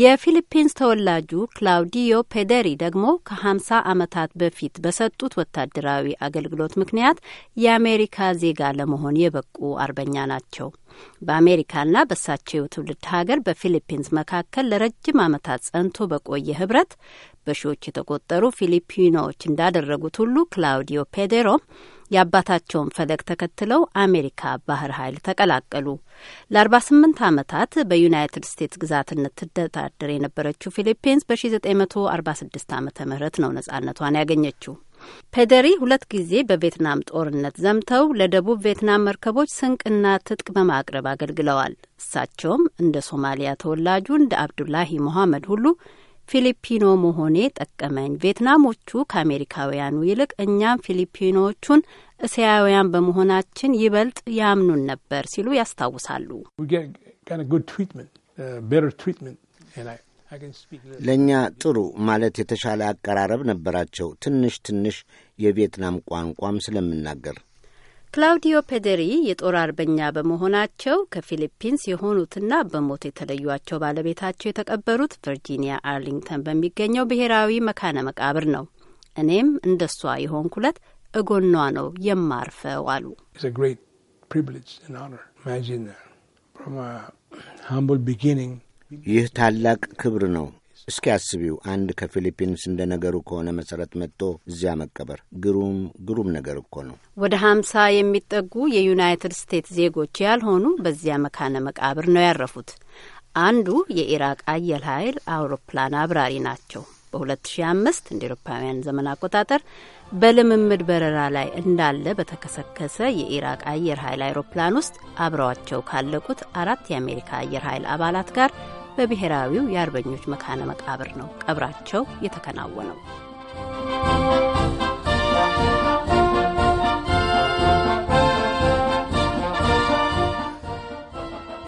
S1: የፊሊፒንስ ተወላጁ ክላውዲዮ ፔደሪ ደግሞ ከ50 ዓመታት በፊት በሰጡት ወታደራዊ አገልግሎት ምክንያት የአሜሪካ ዜጋ ለመሆን የበቁ አርበኛ ናቸው። በአሜሪካና በሳቸው ትውልድ ሀገር በፊሊፒንስ መካከል ለረጅም ዓመታት ጸንቶ በቆየ ህብረት በሺዎች የተቆጠሩ ፊሊፒኖች እንዳደረጉት ሁሉ ክላውዲዮ ፔዴሮም የአባታቸውን ፈለግ ተከትለው አሜሪካ ባህር ኃይል ተቀላቀሉ። ለ48 ዓመታት በዩናይትድ ስቴትስ ግዛትነት ትተዳደር የነበረችው ፊሊፒንስ በ1946 ዓ ም ነው ነጻነቷን ያገኘችው። ፔደሪ ሁለት ጊዜ በቪየትናም ጦርነት ዘምተው ለደቡብ ቪየትናም መርከቦች ስንቅና ትጥቅ በማቅረብ አገልግለዋል። እሳቸውም እንደ ሶማሊያ ተወላጁ እንደ አብዱላሂ ሞሐመድ ሁሉ ፊሊፒኖ መሆኔ ጠቀመኝ። ቬትናሞቹ ከአሜሪካውያኑ ይልቅ እኛም ፊሊፒኖቹን እስያውያን በመሆናችን ይበልጥ ያምኑን ነበር ሲሉ ያስታውሳሉ።
S3: uh,
S4: ለእኛ ጥሩ ማለት የተሻለ አቀራረብ ነበራቸው። ትንሽ ትንሽ የቪየትናም ቋንቋም ስለምናገር
S1: ክላውዲዮ ፔዴሪ የጦር አርበኛ በመሆናቸው ከፊሊፒንስ የሆኑትና በሞት የተለዩቸው ባለቤታቸው የተቀበሩት ቨርጂኒያ አርሊንግተን በሚገኘው ብሔራዊ መካነ መቃብር ነው። እኔም እንደሷ የሆንኩለት እጎኗ ነው የማርፈው አሉ። uh,
S6: uh,
S4: ይህ ታላቅ ክብር ነው። እስኪ አስቢው አንድ ከፊሊፒንስ እንደ ነገሩ ከሆነ መሰረት መጥቶ እዚያ መቀበር ግሩም ግሩም ነገር እኮ ነው።
S1: ወደ ሀምሳ የሚጠጉ የዩናይትድ ስቴትስ ዜጎች ያልሆኑ በዚያ መካነ መቃብር ነው ያረፉት። አንዱ የኢራቅ አየር ኃይል አውሮፕላን አብራሪ ናቸው። በ2005 እንደ ኤሮፓውያን ዘመን አቆጣጠር በልምምድ በረራ ላይ እንዳለ በተከሰከሰ የኢራቅ አየር ኃይል አውሮፕላን ውስጥ አብረዋቸው ካለቁት አራት የአሜሪካ አየር ኃይል አባላት ጋር በብሔራዊው የአርበኞች መካነ መቃብር ነው ቀብራቸው የተከናወነው።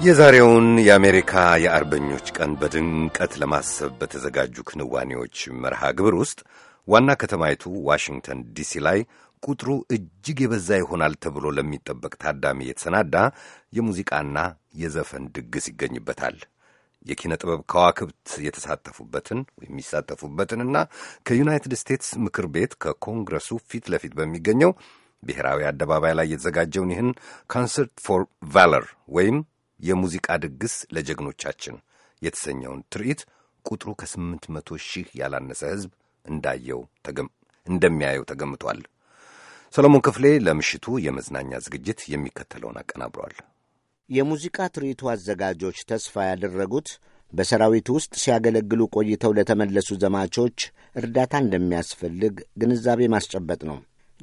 S2: የዛሬውን የአሜሪካ የአርበኞች ቀን በድምቀት ለማሰብ በተዘጋጁ ክንዋኔዎች መርሃ ግብር ውስጥ ዋና ከተማይቱ ዋሽንግተን ዲሲ ላይ ቁጥሩ እጅግ የበዛ ይሆናል ተብሎ ለሚጠበቅ ታዳሚ የተሰናዳ የሙዚቃና የዘፈን ድግስ ይገኝበታል። የኪነ ጥበብ ከዋክብት የተሳተፉበትን የሚሳተፉበትንና ከዩናይትድ ስቴትስ ምክር ቤት ከኮንግረሱ ፊት ለፊት በሚገኘው ብሔራዊ አደባባይ ላይ የተዘጋጀውን ይህን ካንሰርት ፎር ቫለር ወይም የሙዚቃ ድግስ ለጀግኖቻችን የተሰኘውን ትርኢት ቁጥሩ ከስምንት መቶ ሺህ ያላነሰ ሕዝብ እንዳየው እንደሚያየው ተገምቷል። ሰሎሞን ክፍሌ ለምሽቱ የመዝናኛ ዝግጅት የሚከተለውን አቀናብሯል። የሙዚቃ
S4: ትርኢቱ አዘጋጆች ተስፋ ያደረጉት በሰራዊቱ ውስጥ ሲያገለግሉ ቆይተው ለተመለሱ ዘማቾች እርዳታ እንደሚያስፈልግ ግንዛቤ ማስጨበጥ ነው።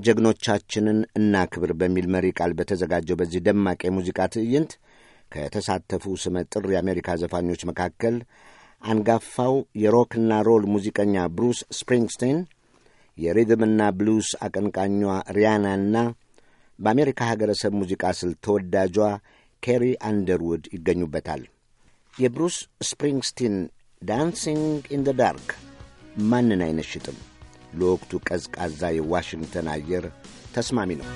S4: ጀግኖቻችንን እናክብር በሚል መሪ ቃል በተዘጋጀው በዚህ ደማቅ የሙዚቃ ትዕይንት ከተሳተፉ ስመጥር የአሜሪካ ዘፋኞች መካከል አንጋፋው የሮክና ሮል ሙዚቀኛ ብሩስ ስፕሪንግስቲን፣ የሪዝምና ብሉስ አቀንቃኟ ሪያናና በአሜሪካ ሀገረሰብ ሙዚቃ ስልት ተወዳጇ ኬሪ አንደርውድ ይገኙበታል። የብሩስ ስፕሪንግስቲን ዳንሲንግ ኢን ደ ዳርክ ማንን አይነሽጥም። ለወቅቱ ቀዝቃዛ የዋሽንግተን አየር ተስማሚ ነው።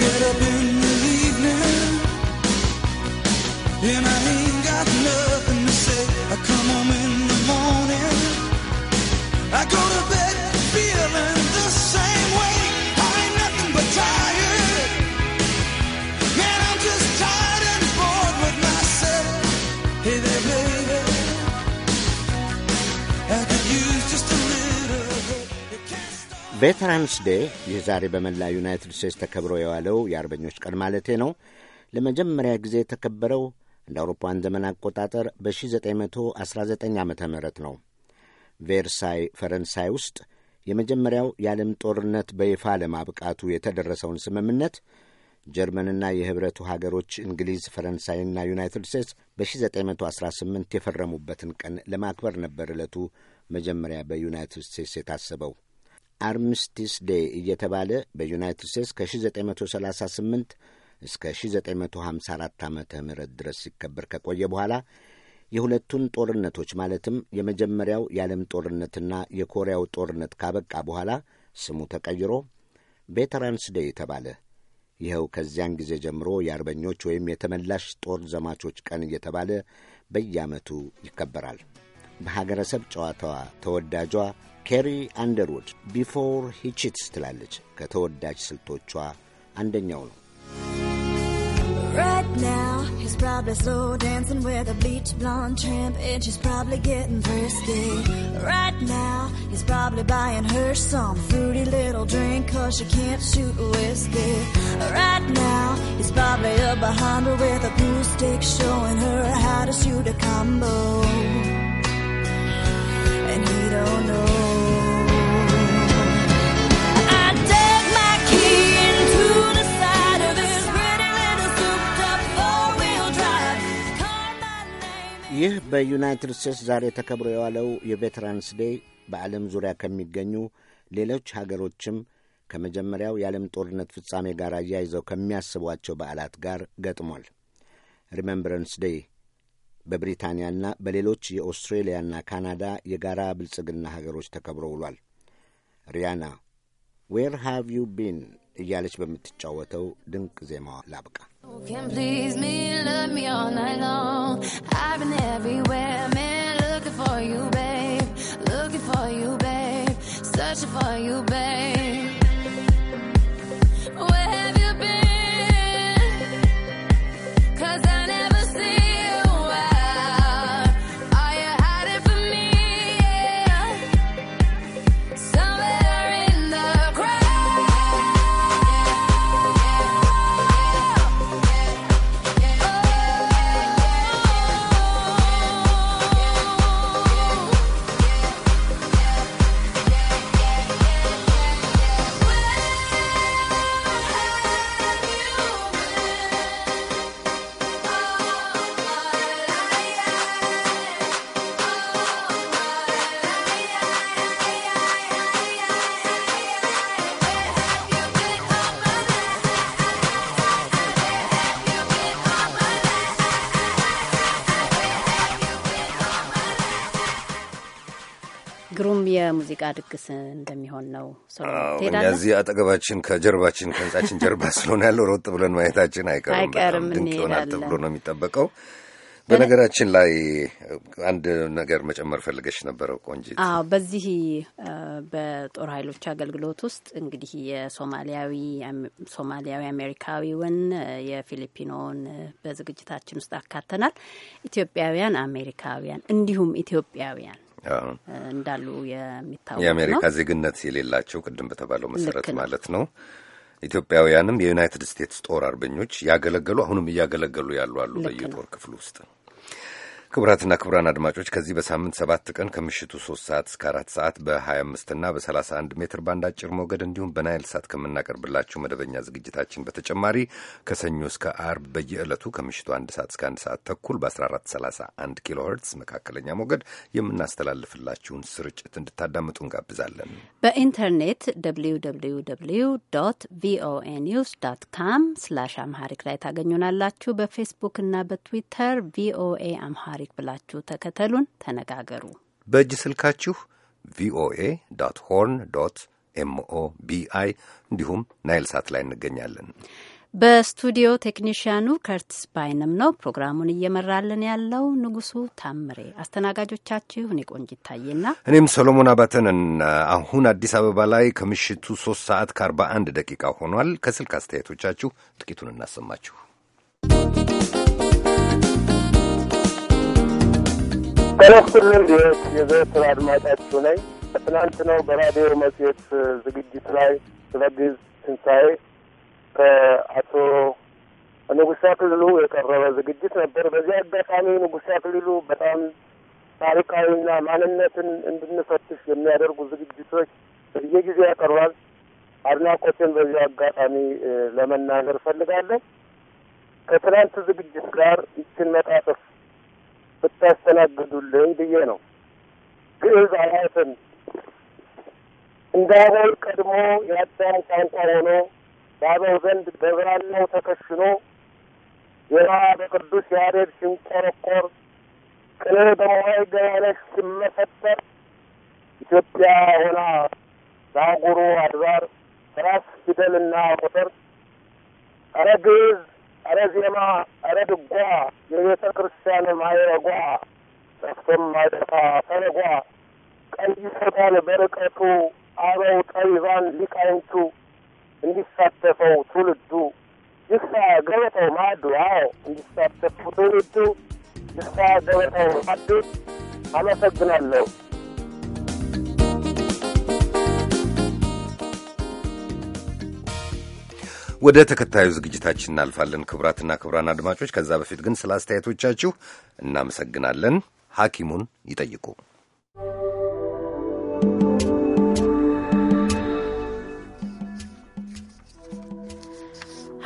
S4: Get up ቬተራንስ ዴ ይህ ዛሬ በመላ ዩናይትድ ስቴትስ ተከብሮ የዋለው የአርበኞች ቀን ማለቴ ነው። ለመጀመሪያ ጊዜ የተከበረው እንደ አውሮፓውያን ዘመን አቆጣጠር በ1919 ዓ ም ነው ቬርሳይ ፈረንሳይ ውስጥ የመጀመሪያው የዓለም ጦርነት በይፋ ለማብቃቱ የተደረሰውን ስምምነት ጀርመንና የህብረቱ ሀገሮች እንግሊዝ፣ ፈረንሳይና ዩናይትድ ስቴትስ በ1918 የፈረሙበትን ቀን ለማክበር ነበር ዕለቱ መጀመሪያ በዩናይትድ ስቴትስ የታሰበው። አርምስቲስ ዴይ እየተባለ በዩናይትድ ስቴትስ ከ1938 እስከ 1954 ዓ ም ድረስ ሲከበር ከቆየ በኋላ የሁለቱን ጦርነቶች ማለትም የመጀመሪያው የዓለም ጦርነትና የኮሪያው ጦርነት ካበቃ በኋላ ስሙ ተቀይሮ ቬተራንስ ዴይ ተባለ። ይኸው ከዚያን ጊዜ ጀምሮ የአርበኞች ወይም የተመላሽ ጦር ዘማቾች ቀን እየተባለ በየዓመቱ ይከበራል። በሀገረሰብ ጨዋታዋ ተወዳጇ ኬሪ አንደርውድ ቢፎር ሂቺትስ ትላለች። ከተወዳጅ ስልቶቿ አንደኛው ነው።
S10: Right now, he's probably
S6: slow dancing with a bleach blonde tramp, and she's probably getting thirsty.
S5: Right now, he's probably buying her some fruity little drink, cause she can't shoot whiskey. Right now, he's probably up behind her with a blue stick, showing her how to shoot a combo. And he don't know.
S4: ይህ በዩናይትድ ስቴትስ ዛሬ ተከብሮ የዋለው የቬትራንስ ዴይ በዓለም ዙሪያ ከሚገኙ ሌሎች ሀገሮችም ከመጀመሪያው የዓለም ጦርነት ፍጻሜ ጋር አያይዘው ከሚያስቧቸው በዓላት ጋር ገጥሟል። ሪመምብረንስ ዴይ በብሪታንያና በሌሎች የኦስትሬሊያና ካናዳ የጋራ ብልጽግና ሀገሮች ተከብሮ ውሏል። ሪያና ዌር ሃቭ ዩ ቢን እያለች በምትጫወተው ድንቅ ዜማዋ ላብቃ።
S3: Searching for you, babe.
S1: የሙዚቃ ድግስ እንደሚሆን ነው። እዚህ
S2: አጠገባችን ከጀርባችን ከህንጻችን ጀርባ [LAUGHS] ስለሆነ ያለው ሮጥ ብለን ማየታችን አይቀርም። በጣም ድንቅ ይሆናል ተብሎ ነው የሚጠበቀው። በነገራችን ላይ አንድ ነገር መጨመር ፈልገች ነበረው ቆንጂት?
S1: አዎ፣ በዚህ በጦር ኃይሎች አገልግሎት ውስጥ እንግዲህ የሶማሊያዊ ሶማሊያዊ አሜሪካዊውን የፊሊፒኖን በዝግጅታችን ውስጥ አካተናል። ኢትዮጵያውያን አሜሪካውያን እንዲሁም ኢትዮጵያውያን እንዳሉ የሚታወቅ የአሜሪካ
S2: ዜግነት የሌላቸው ቅድም በተባለው መሰረት ማለት ነው። ኢትዮጵያውያንም የዩናይትድ ስቴትስ ጦር አርበኞች ያገለገሉ አሁንም እያገለገሉ ያሉ አሉ በየጦር ክፍል ውስጥ ክቡራትና ክቡራን አድማጮች ከዚህ በሳምንት ሰባት ቀን ከምሽቱ ሶስት ሰዓት እስከ አራት ሰዓት በ25 እና በ31 ሜትር ባንድ አጭር ሞገድ እንዲሁም በናይል ሳት ከምናቀርብላችሁ መደበኛ ዝግጅታችን በተጨማሪ ከሰኞ እስከ አርብ በየዕለቱ ከምሽቱ አንድ ሰዓት እስከ አንድ ሰዓት ተኩል በ1431 ኪሎ ሄርትስ መካከለኛ ሞገድ የምናስተላልፍላችሁን ስርጭት እንድታዳምጡ እንጋብዛለን።
S1: በኢንተርኔት ዶት ቪኦኤ ኒውስ ዶት ካም ስላሽ አምሃሪክ ላይ ታገኙናላችሁ። በፌስቡክ እና በትዊተር ቪኦኤ አምሃሪክ አምሃሪክ ብላችሁ ተከተሉን፣ ተነጋገሩ።
S2: በእጅ ስልካችሁ ቪኦኤ ዶት ሆርን ዶት ኤምኦቢአይ እንዲሁም ናይል ሳት ላይ እንገኛለን።
S1: በስቱዲዮ ቴክኒሽያኑ ከርትስ ባይንም ነው። ፕሮግራሙን እየመራልን ያለው ንጉሱ ታምሬ፣ አስተናጋጆቻችሁ እኔ ቆንጅ ይታየና እኔም
S2: ሰሎሞን አባተን። አሁን አዲስ አበባ ላይ ከምሽቱ ሶስት ሰዓት ከአርባ አንድ ደቂቃ ሆኗል። ከስልክ አስተያየቶቻችሁ ጥቂቱን እናሰማችሁ።
S11: ተነስኩልን ቤት የዘወትር አድማጫችሁ ነኝ። በትናንትናው በራዲዮ መጽሔት ዝግጅት ላይ ስለ ግዕዝ ትንሣኤ ከአቶ ንጉሥ አክሊሉ የቀረበ ዝግጅት ነበር። በዚህ አጋጣሚ ንጉሥ አክሊሉ በጣም ታሪካዊና ማንነትን እንድንፈትሽ የሚያደርጉ ዝግጅቶች በየጊዜው ያቀርባል። አድናቆትን በዚህ አጋጣሚ ለመናገር እፈልጋለሁ። ከትናንት ዝግጅት ጋር ይችን መጣጥፍ ብታስተናግዱልኝ ብዬ ነው። ግዕዝ አላትም እንደ አበው ቀድሞ የአዳም ቋንቋ ሆኖ በአበው ዘንድ በብራናው ተከሽኖ የራ በቅዱስ ያሬድ ሲንቆረቆር ቅኔ በመዋይ ገያነሽ ሲመሰጠር ኢትዮጵያ ሆና በአህጉሩ አድባር ራስ ፊደልና ቁጥር ኧረ ግዕዝ ኧረ ዜማ፣ ኧረ ድጓ የቤተ ክርስቲያን ማይረጓ ጠፍቶም ማይጠፋ ቀይ ቀይሶታል በርቀቱ አበው ጠቢባን ሊቃውንቱ እንዲሳተፈው ትውልዱ ይሳ ገበታው ማዱ አዎ እንዲሳተፉ ትውልዱ ይሳ ገበታው ማዱ አመሰግናለሁ።
S2: ወደ ተከታዩ ዝግጅታችን እናልፋለን። ክቡራትና ክቡራን አድማጮች፣ ከዛ በፊት ግን ስለ አስተያየቶቻችሁ እናመሰግናለን። ሐኪሙን ይጠይቁ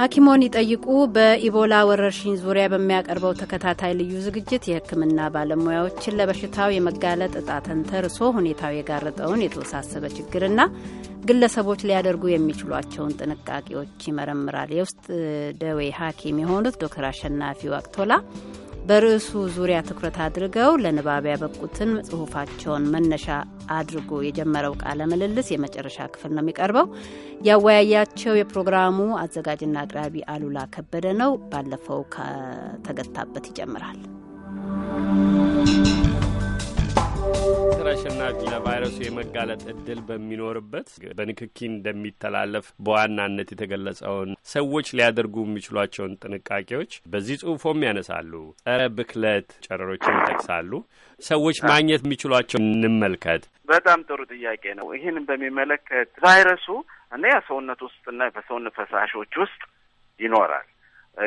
S1: ሐኪሞን ይጠይቁ በኢቦላ ወረርሽኝ ዙሪያ በሚያቀርበው ተከታታይ ልዩ ዝግጅት የሕክምና ባለሙያዎችን ለበሽታው የመጋለጥ እጣ ተንተርሶ ሁኔታው የጋረጠውን የተወሳሰበ ችግርና ግለሰቦች ሊያደርጉ የሚችሏቸውን ጥንቃቄዎች ይመረምራል። የውስጥ ደዌ ሐኪም የሆኑት ዶክተር አሸናፊ ዋቅቶላ በርዕሱ ዙሪያ ትኩረት አድርገው ለንባብ ያበቁትን ጽሁፋቸውን መነሻ አድርጎ የጀመረው ቃለ ምልልስ የመጨረሻ ክፍል ነው የሚቀርበው። ያወያያቸው የፕሮግራሙ አዘጋጅና አቅራቢ አሉላ ከበደ ነው። ባለፈው ከተገታበት ይጀምራል።
S7: አሸናፊ ለቫይረሱ የመጋለጥ እድል በሚኖርበት በንክኪ እንደሚተላለፍ በዋናነት የተገለጸውን ሰዎች ሊያደርጉ የሚችሏቸውን ጥንቃቄዎች በዚህ ጽሁፎም ያነሳሉ። ጸረ ብክለት ጨረሮችን ይጠቅሳሉ። ሰዎች ማግኘት የሚችሏቸው እንመልከት።
S12: በጣም ጥሩ ጥያቄ ነው። ይህን በሚመለከት ቫይረሱ እና ሰውነት ውስጥና በሰውነት ፈሳሾች ውስጥ ይኖራል።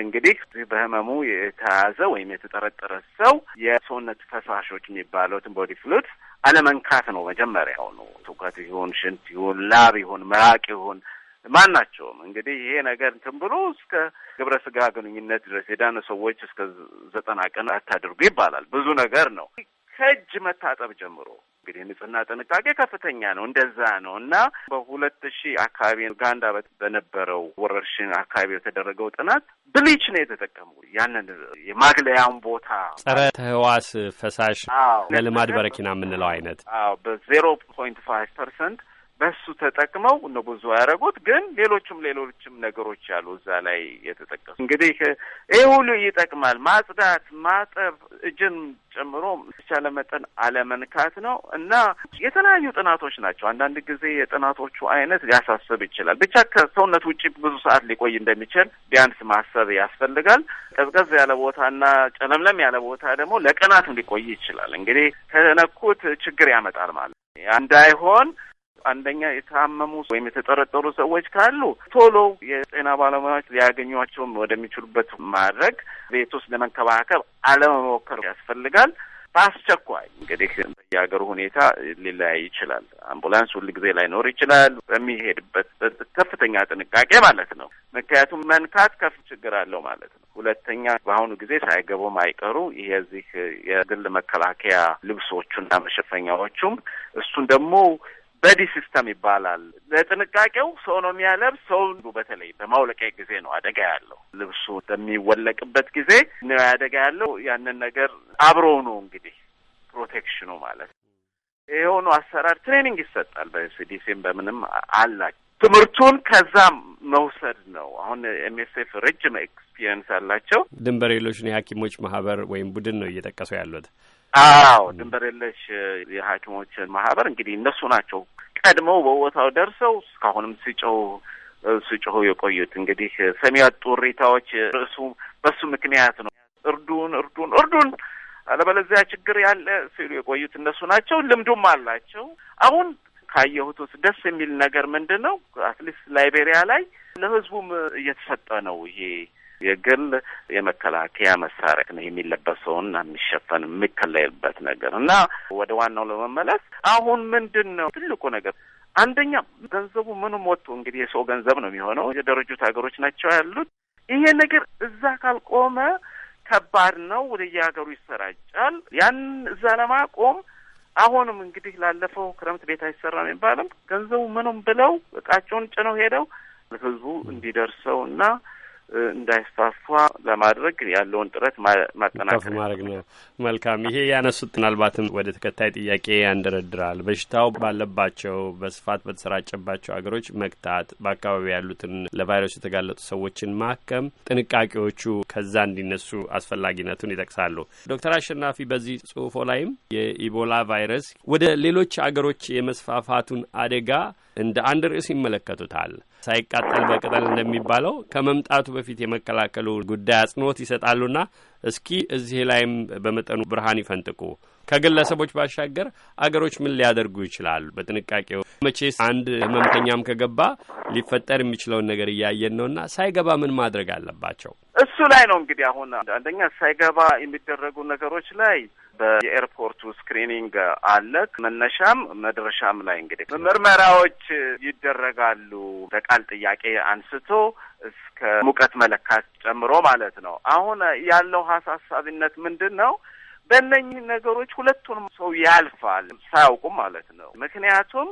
S12: እንግዲህ በህመሙ የተያዘ ወይም የተጠረጠረ ሰው የሰውነት ፈሳሾች የሚባሉትን ቦዲ ፍሉት አለመንካት ነው መጀመሪያው ነው። ትውከት ይሁን ሽንት ይሁን ላብ ይሁን ምራቅ ይሁን ማናቸውም እንግዲህ ይሄ ነገር እንትን ብሎ እስከ ግብረ ስጋ ግንኙነት ድረስ የዳነ ሰዎች እስከ ዘጠና ቀን አታድርጉ ይባላል። ብዙ ነገር ነው ከእጅ መታጠብ ጀምሮ እንግዲህ ንጽህና ጥንቃቄ ከፍተኛ ነው። እንደዛ ነው እና በሁለት ሺህ አካባቢ ኡጋንዳ በነበረው ወረርሽኝ አካባቢ የተደረገው ጥናት ብሊች ነው የተጠቀሙ ያንን የማግለያውን ቦታ
S7: ጸረ ተህዋስ ፈሳሽ ለልማድ በረኪና የምንለው አይነት
S12: አዎ በዜሮ ፖይንት ፋይቭ ፐርሰንት በሱ ተጠቅመው ነው ብዙ ያደረጉት። ግን ሌሎችም ሌሎችም ነገሮች አሉ እዛ ላይ የተጠቀሱ። እንግዲህ ይህ ሁሉ ይጠቅማል። ማጽዳት፣ ማጠብ እጅን ጨምሮ የተቻለ መጠን አለመንካት ነው እና የተለያዩ ጥናቶች ናቸው። አንዳንድ ጊዜ የጥናቶቹ አይነት ሊያሳስብ ይችላል። ብቻ ከሰውነት ውጭ ብዙ ሰዓት ሊቆይ እንደሚችል ቢያንስ ማሰብ ያስፈልጋል። ቀዝቀዝ ያለ ቦታና ጨለምለም ያለ ቦታ ደግሞ ለቀናት ሊቆይ ይችላል። እንግዲህ ከነኩት ችግር ያመጣል ማለት እንዳይሆን አንደኛ የታመሙ ወይም የተጠረጠሩ ሰዎች ካሉ ቶሎ የጤና ባለሙያዎች ሊያገኟቸውም ወደሚችሉበት ማድረግ ቤት ውስጥ ለመንከባከብ አለመሞከር ያስፈልጋል። በአስቸኳይ እንግዲህ የሀገሩ ሁኔታ ሊለያይ ይችላል። አምቡላንስ ሁል ጊዜ ላይኖር ይችላል። በሚሄድበት ከፍተኛ ጥንቃቄ ማለት ነው። ምክንያቱም መንካት ከፍ ችግር አለው ማለት ነው። ሁለተኛ በአሁኑ ጊዜ ሳይገቡም አይቀሩ የዚህ የግል መከላከያ ልብሶቹና መሸፈኛዎቹም እሱን ደግሞ በዲ ሲስተም ይባላል። ለጥንቃቄው ሰው ነው የሚያለብስ። ሰው በተለይ በማውለቂያ ጊዜ ነው አደጋ ያለው። ልብሱ በሚወለቅበት ጊዜ ነው አደጋ ያለው። ያንን ነገር አብሮ ነው እንግዲህ ፕሮቴክሽኑ ማለት ነው። የሆኑ አሰራር ትሬኒንግ ይሰጣል። በሲዲሲም በምንም አላቸው ትምህርቱን ከዛም መውሰድ ነው። አሁን ኤምኤስኤፍ ረጅም ኤክስፒሪየንስ አላቸው።
S7: ድንበር የለሽ የሐኪሞች ማህበር ወይም ቡድን ነው እየጠቀሰው ያሉት
S12: አዎ ድንበር የለሽ የሐኪሞች ማህበር እንግዲህ እነሱ ናቸው ቀድመው በቦታው ደርሰው እስካሁንም ሲጮው ሲጮሁ የቆዩት እንግዲህ ሰሚ ያጡ እሪታዎች ርዕሱ በሱ ምክንያት ነው። እርዱን፣ እርዱን፣ እርዱን አለበለዚያ ችግር ያለ ሲሉ የቆዩት እነሱ ናቸው። ልምዱም አላቸው። አሁን ካየሁት ውስጥ ደስ የሚል ነገር ምንድን ነው? አትሊስት ላይቤሪያ ላይ ለህዝቡም እየተሰጠ ነው ይሄ የግል የመከላከያ መሳሪያ ነው የሚለበሰውና የሚሸፈን የሚከለልበት ነገር እና ወደ ዋናው ለመመለስ አሁን ምንድን ነው ትልቁ ነገር አንደኛ ገንዘቡ ምንም ወጡ እንግዲህ የሰው ገንዘብ ነው የሚሆነው። የደረጁት ሀገሮች ናቸው ያሉት። ይሄ ነገር እዛ ካልቆመ ከባድ ነው። ወደየ ሀገሩ ይሰራጫል። ያን እዛ ለማቆም አሁንም እንግዲህ ላለፈው ክረምት ቤት አይሰራም የሚባልም ገንዘቡ ምንም ብለው እቃቸውን ጭነው ሄደው ህዝቡ እንዲደርሰው እና እንዳይስፋፋ ለማድረግ ያለውን ጥረት
S7: ማጠናከር ማድረግ ነው። መልካም። ይሄ ያነሱት ምናልባትም ወደ ተከታይ ጥያቄ ያንደረድራል። በሽታው ባለባቸው በስፋት በተሰራጨባቸው ሀገሮች መግታት፣ በአካባቢ ያሉትን ለቫይረሱ የተጋለጡ ሰዎችን ማከም፣ ጥንቃቄዎቹ ከዛ እንዲነሱ አስፈላጊነቱን ይጠቅሳሉ። ዶክተር አሸናፊ በዚህ ጽሁፎ ላይም የኢቦላ ቫይረስ ወደ ሌሎች አገሮች የመስፋፋቱን አደጋ እንደ አንድ ርዕስ ይመለከቱታል። ሳይቃጠል በቅጠል እንደሚባለው ከመምጣቱ በፊት የመከላከሉ ጉዳይ አጽንኦት ይሰጣሉና እስኪ እዚህ ላይም በመጠኑ ብርሃን ይፈንጥቁ። ከግለሰቦች ባሻገር አገሮች ምን ሊያደርጉ ይችላል። በጥንቃቄው መቼስ አንድ ህመምተኛም ከገባ ሊፈጠር የሚችለውን ነገር እያየን ነውና ሳይገባ ምን ማድረግ አለባቸው?
S12: እሱ ላይ ነው እንግዲህ አሁን አንደኛ ሳይገባ የሚደረጉ ነገሮች ላይ በኤርፖርቱ ስክሪኒንግ አለ። መነሻም መድረሻም ላይ እንግዲህ ምርመራዎች ይደረጋሉ። በቃል ጥያቄ አንስቶ እስከ ሙቀት መለካት ጨምሮ ማለት ነው። አሁን ያለው አሳሳቢነት ምንድን ነው? በእነኚህ ነገሮች ሁለቱንም ሰው ያልፋል ሳያውቁም ማለት ነው። ምክንያቱም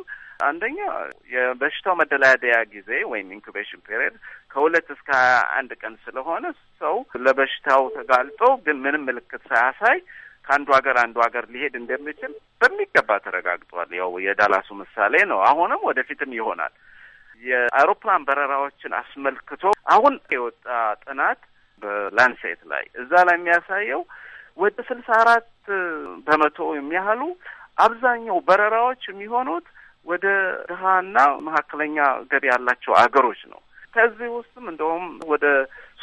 S12: አንደኛ የበሽታው መደላደያ ጊዜ ወይም ኢንኩቤሽን ፔሪየድ ከሁለት እስከ ሀያ አንድ ቀን ስለሆነ ሰው ለበሽታው ተጋልጦ ግን ምንም ምልክት ሳያሳይ ከአንዱ ሀገር አንዱ ሀገር ሊሄድ እንደሚችል በሚገባ ተረጋግጧል። ያው የዳላሱ ምሳሌ ነው። አሁንም ወደፊትም ይሆናል። የአውሮፕላን በረራዎችን አስመልክቶ አሁን የወጣ ጥናት በላንሴት ላይ እዛ ላይ የሚያሳየው ወደ ስልሳ አራት በመቶ የሚያህሉ አብዛኛው በረራዎች የሚሆኑት ወደ ድሀና መካከለኛ ገቢ ያላቸው አገሮች ነው። ከዚህ ውስጥም እንደውም ወደ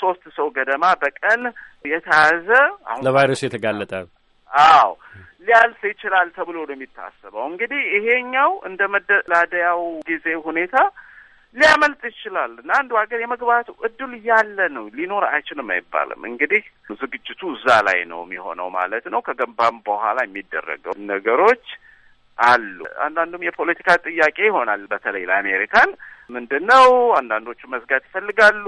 S12: ሶስት ሰው ገደማ በቀን የተያዘ
S7: ለቫይረሱ የተጋለጠ
S12: አዎ ሊያልፍ ይችላል ተብሎ ነው የሚታሰበው። እንግዲህ ይሄኛው እንደ መደላደያው ጊዜ ሁኔታ ሊያመልጥ ይችላል እና አንዱ ሀገር የመግባቱ እድል ያለ ነው፣ ሊኖር አይችልም አይባልም። እንግዲህ ዝግጅቱ እዛ ላይ ነው የሚሆነው ማለት ነው። ከገንባም በኋላ የሚደረገው ነገሮች አሉ። አንዳንዱም የፖለቲካ ጥያቄ ይሆናል። በተለይ ለአሜሪካን ምንድን ነው አንዳንዶቹ መዝጋት ይፈልጋሉ።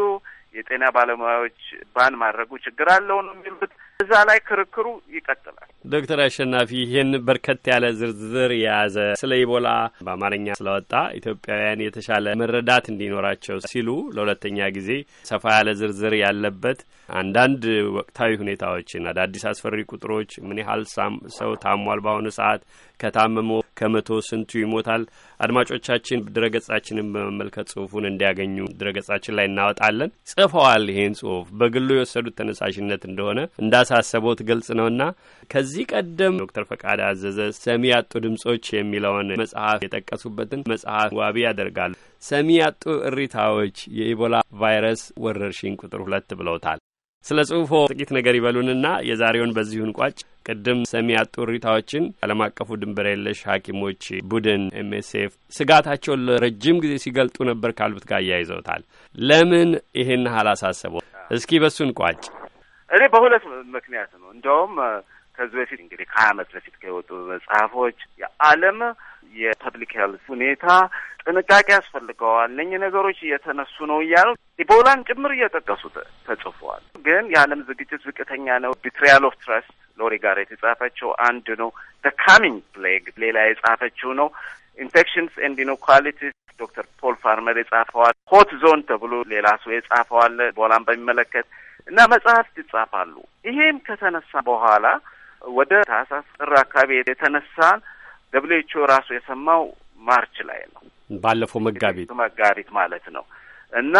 S12: የጤና ባለሙያዎች ባን ማድረጉ ችግር አለው ነው የሚሉት እዛ ላይ
S7: ክርክሩ ይቀጥላል። ዶክተር አሸናፊ ይህን በርከት ያለ ዝርዝር የያዘ ስለ ኢቦላ በአማርኛ ስለወጣ ኢትዮጵያውያን የተሻለ መረዳት እንዲኖራቸው ሲሉ ለሁለተኛ ጊዜ ሰፋ ያለ ዝርዝር ያለበት አንዳንድ ወቅታዊ ሁኔታዎችን አዳዲስ አስፈሪ ቁጥሮች፣ ምን ያህል ሰው ታሟል፣ በአሁኑ ሰዓት ከታመመ ከመቶ ስንቱ ይሞታል? አድማጮቻችን ድረገጻችንን በመመልከት ጽሁፉን እንዲያገኙ ድረገጻችን ላይ እናወጣለን። ጽፈዋል። ይህን ጽሁፍ በግሉ የወሰዱት ተነሳሽነት እንደሆነ እንዳሳሰቦት ግልጽ ነውና ከዚህ ቀደም ዶክተር ፈቃድ አዘዘ ሰሚ ያጡ ድምጾች የሚለውን መጽሐፍ የጠቀሱበትን መጽሐፍ ዋቢ ያደርጋሉ። ሰሚ ያጡ እሪታዎች የኢቦላ ቫይረስ ወረርሽኝ ቁጥር ሁለት ብለውታል። ስለ ጽሁፎ ጥቂት ነገር ይበሉንና የዛሬውን በዚሁን ቋጭ። ቅድም ሰሚ ያጡ እሪታዎችን ዓለም አቀፉ ድንበር የለሽ ሐኪሞች ቡድን ኤምኤስኤፍ ስጋታቸውን ለረጅም ጊዜ ሲገልጡ ነበር ካሉት ጋር እያይዘውታል። ለምን ይሄን ያህል አሳሰበው? እስኪ በሱን ቋጭ።
S12: እኔ በሁለት ምክንያት ነው። እንደውም ከዚህ በፊት እንግዲህ ከሀያ አመት በፊት ከወጡ መጽሐፎች የዓለም የፐብሊክ ሄልት ሁኔታ ጥንቃቄ ያስፈልገዋል። እነኚህ ነገሮች እየተነሱ ነው እያሉ ኢቦላን ጭምር እየጠቀሱ ተጽፏል። ግን የዓለም ዝግጅት ዝቅተኛ ነው። ቢትሪያል ኦፍ ትረስት ሎሪ ጋር የተጻፈችው አንድ ነው። ደ ካሚንግ ፕሌግ ሌላ የጻፈችው ነው። ኢንፌክሽንስ ኤንድ ኢንኳሊቲስ ዶክተር ፖል ፋርመር የጻፈዋል። ሆት ዞን ተብሎ ሌላ ሰው የጻፈዋል። ኢቦላን በሚመለከት እና መጽሐፍት ይጻፋሉ። ይሄም ከተነሳ በኋላ ወደ ታህሳስ ጥር አካባቢ የተነሳን ደብሊው ኤች ኦ ራሱ የሰማው ማርች ላይ ነው፣
S7: ባለፈው መጋቢት
S12: መጋቢት ማለት ነው እና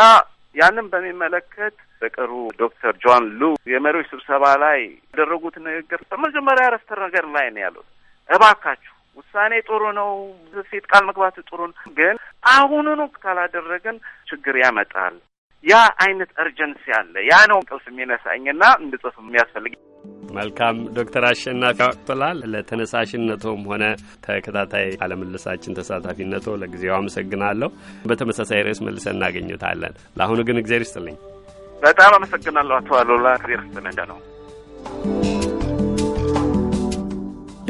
S12: ያንን በሚመለከት በቅርቡ ዶክተር ጆን ሉ የመሪዎች ስብሰባ ላይ ያደረጉት ንግግር በመጀመሪያ ረስተ ነገር ላይ ነው ያሉት፣ እባካችሁ ውሳኔ ጥሩ ነው፣ ሴት ቃል መግባት ጥሩ ነው፣ ግን አሁኑኑ ካላደረግን ችግር ያመጣል። ያ አይነት እርጀንሲ አለ። ያ ነው ቅልፍ የሚነሳኝና እንድጽፍ የሚያስፈልግ
S7: መልካም ዶክተር አሸናፊ አቅቶላል ለተነሳሽነቶም ሆነ ተከታታይ አለምልሳችን ተሳታፊነቶ ለጊዜው አመሰግናለሁ። በተመሳሳይ ርዕስ መልሰን እናገኘታለን። ለአሁኑ ግን እግዜር ይስጥልኝ። በጣም አመሰግናለሁ አቶ አሉላ እግዜር ስጥልኝ ነው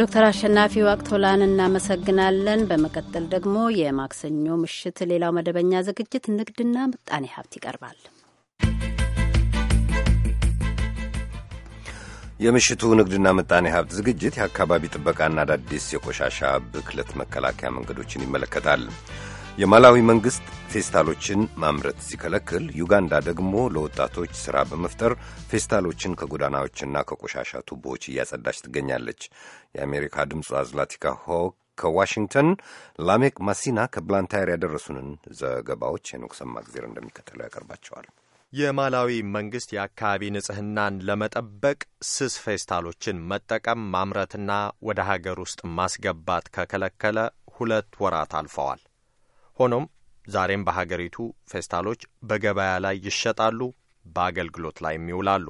S1: ዶክተር አሸናፊ ዋቅቶላን እናመሰግናለን። በመቀጠል ደግሞ የማክሰኞ ምሽት ሌላው መደበኛ ዝግጅት ንግድና ምጣኔ ሀብት ይቀርባል።
S2: የምሽቱ ንግድና ምጣኔ ሀብት ዝግጅት የአካባቢ ጥበቃና አዳዲስ የቆሻሻ ብክለት መከላከያ መንገዶችን ይመለከታል። የማላዊ መንግሥት ፌስታሎችን ማምረት ሲከለክል፣ ዩጋንዳ ደግሞ ለወጣቶች ሥራ በመፍጠር ፌስታሎችን ከጎዳናዎችና ከቆሻሻ ቱቦዎች እያጸዳች ትገኛለች። የአሜሪካ ድምፅ አዝላቲካ ሆ ከዋሽንግተን ላሜክ ማሲና ከብላንታየር ያደረሱንን ዘገባዎች የንጉሰማ ጊዜር እንደሚከተለው ያቀርባቸዋል።
S10: የማላዊ መንግስት የአካባቢ ንጽህናን ለመጠበቅ ስስ ፌስታሎችን መጠቀም ማምረትና ወደ ሀገር ውስጥ ማስገባት ከከለከለ ሁለት ወራት አልፈዋል። ሆኖም ዛሬም በሀገሪቱ ፌስታሎች በገበያ ላይ ይሸጣሉ፣ በአገልግሎት ላይም ይውላሉ።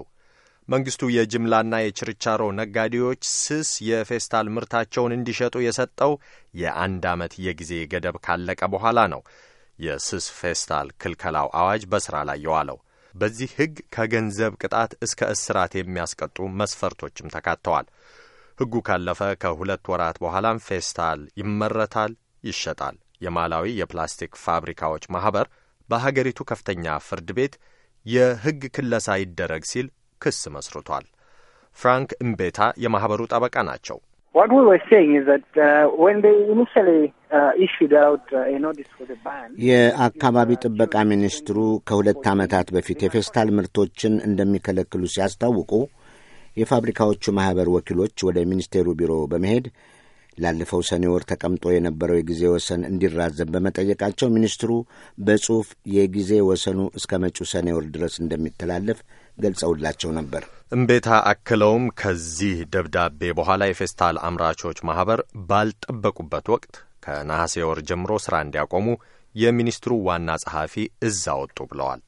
S10: መንግስቱ የጅምላና የችርቻሮ ነጋዴዎች ስስ የፌስታል ምርታቸውን እንዲሸጡ የሰጠው የአንድ ዓመት የጊዜ ገደብ ካለቀ በኋላ ነው የስስ ፌስታል ክልከላው አዋጅ በሥራ ላይ የዋለው። በዚህ ሕግ ከገንዘብ ቅጣት እስከ እስራት የሚያስቀጡ መስፈርቶችም ተካተዋል። ሕጉ ካለፈ ከሁለት ወራት በኋላም ፌስታል ይመረታል፣ ይሸጣል። የማላዊ የፕላስቲክ ፋብሪካዎች ማኅበር በሀገሪቱ ከፍተኛ ፍርድ ቤት የሕግ ክለሳ ይደረግ ሲል ክስ መስርቷል። ፍራንክ እምቤታ የማኅበሩ ጠበቃ ናቸው።
S4: የአካባቢ ጥበቃ ሚኒስትሩ ከሁለት ዓመታት በፊት የፌስታል ምርቶችን እንደሚከለክሉ ሲያስታውቁ የፋብሪካዎቹ ማኅበር ወኪሎች ወደ ሚኒስቴሩ ቢሮ በመሄድ ላለፈው ሰኔ ወር ተቀምጦ የነበረው የጊዜ ወሰን እንዲራዘም በመጠየቃቸው ሚኒስትሩ በጽሑፍ የጊዜ ወሰኑ እስከ መጪው ሰኔ ወር ድረስ እንደሚተላለፍ ገልጸውላቸው ነበር።
S10: እምቤታ አክለውም ከዚህ ደብዳቤ በኋላ የፌስታል አምራቾች ማኅበር ባልጠበቁበት ወቅት ከነሐሴ ወር ጀምሮ ሥራ እንዲያቆሙ የሚኒስትሩ ዋና ጸሐፊ እዛ ወጡ ብለዋል።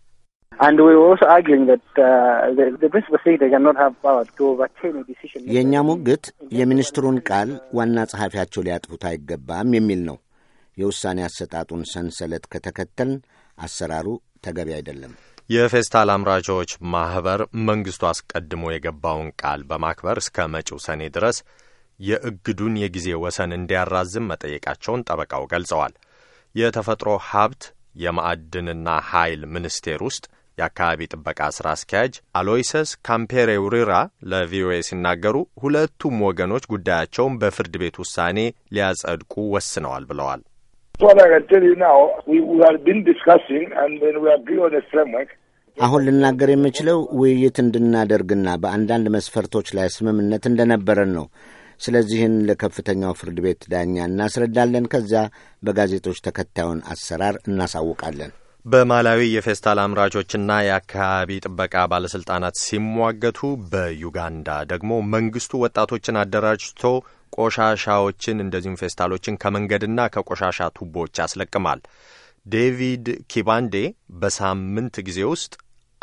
S4: የእኛ ሙግት የሚኒስትሩን ቃል ዋና ጸሐፊያቸው ሊያጥፉት አይገባም የሚል ነው። የውሳኔ አሰጣጡን ሰንሰለት ከተከተልን አሰራሩ ተገቢ አይደለም።
S10: የፌስታል አምራቾች ማህበር መንግስቱ አስቀድሞ የገባውን ቃል በማክበር እስከ መጪው ሰኔ ድረስ የእግዱን የጊዜ ወሰን እንዲያራዝም መጠየቃቸውን ጠበቃው ገልጸዋል። የተፈጥሮ ሀብት የማዕድንና ኃይል ሚኒስቴር ውስጥ የአካባቢ ጥበቃ ሥራ አስኪያጅ አሎይሰስ ካምፔሬ ውሪራ ለቪኦኤ ሲናገሩ ሁለቱም ወገኖች ጉዳያቸውን በፍርድ ቤት ውሳኔ ሊያጸድቁ ወስነዋል ብለዋል።
S11: What I can tell you now, we, we have been discussing and then we agree on a framework.
S4: አሁን ልናገር የምችለው ውይይት እንድናደርግና በአንዳንድ መስፈርቶች ላይ ስምምነት እንደነበረን ነው። ስለዚህን ለከፍተኛው ፍርድ ቤት ዳኛ እናስረዳለን። ከዚያ በጋዜጦች ተከታዩን አሰራር እናሳውቃለን።
S10: በማላዊ የፌስታል አምራቾችና የአካባቢ ጥበቃ ባለስልጣናት ሲሟገቱ፣ በዩጋንዳ ደግሞ መንግስቱ ወጣቶችን አደራጅቶ ቆሻሻዎችን እንደዚሁም ፌስታሎችን ከመንገድና ከቆሻሻ ቱቦዎች ያስለቅማል። ዴቪድ ኪባንዴ በሳምንት ጊዜ ውስጥ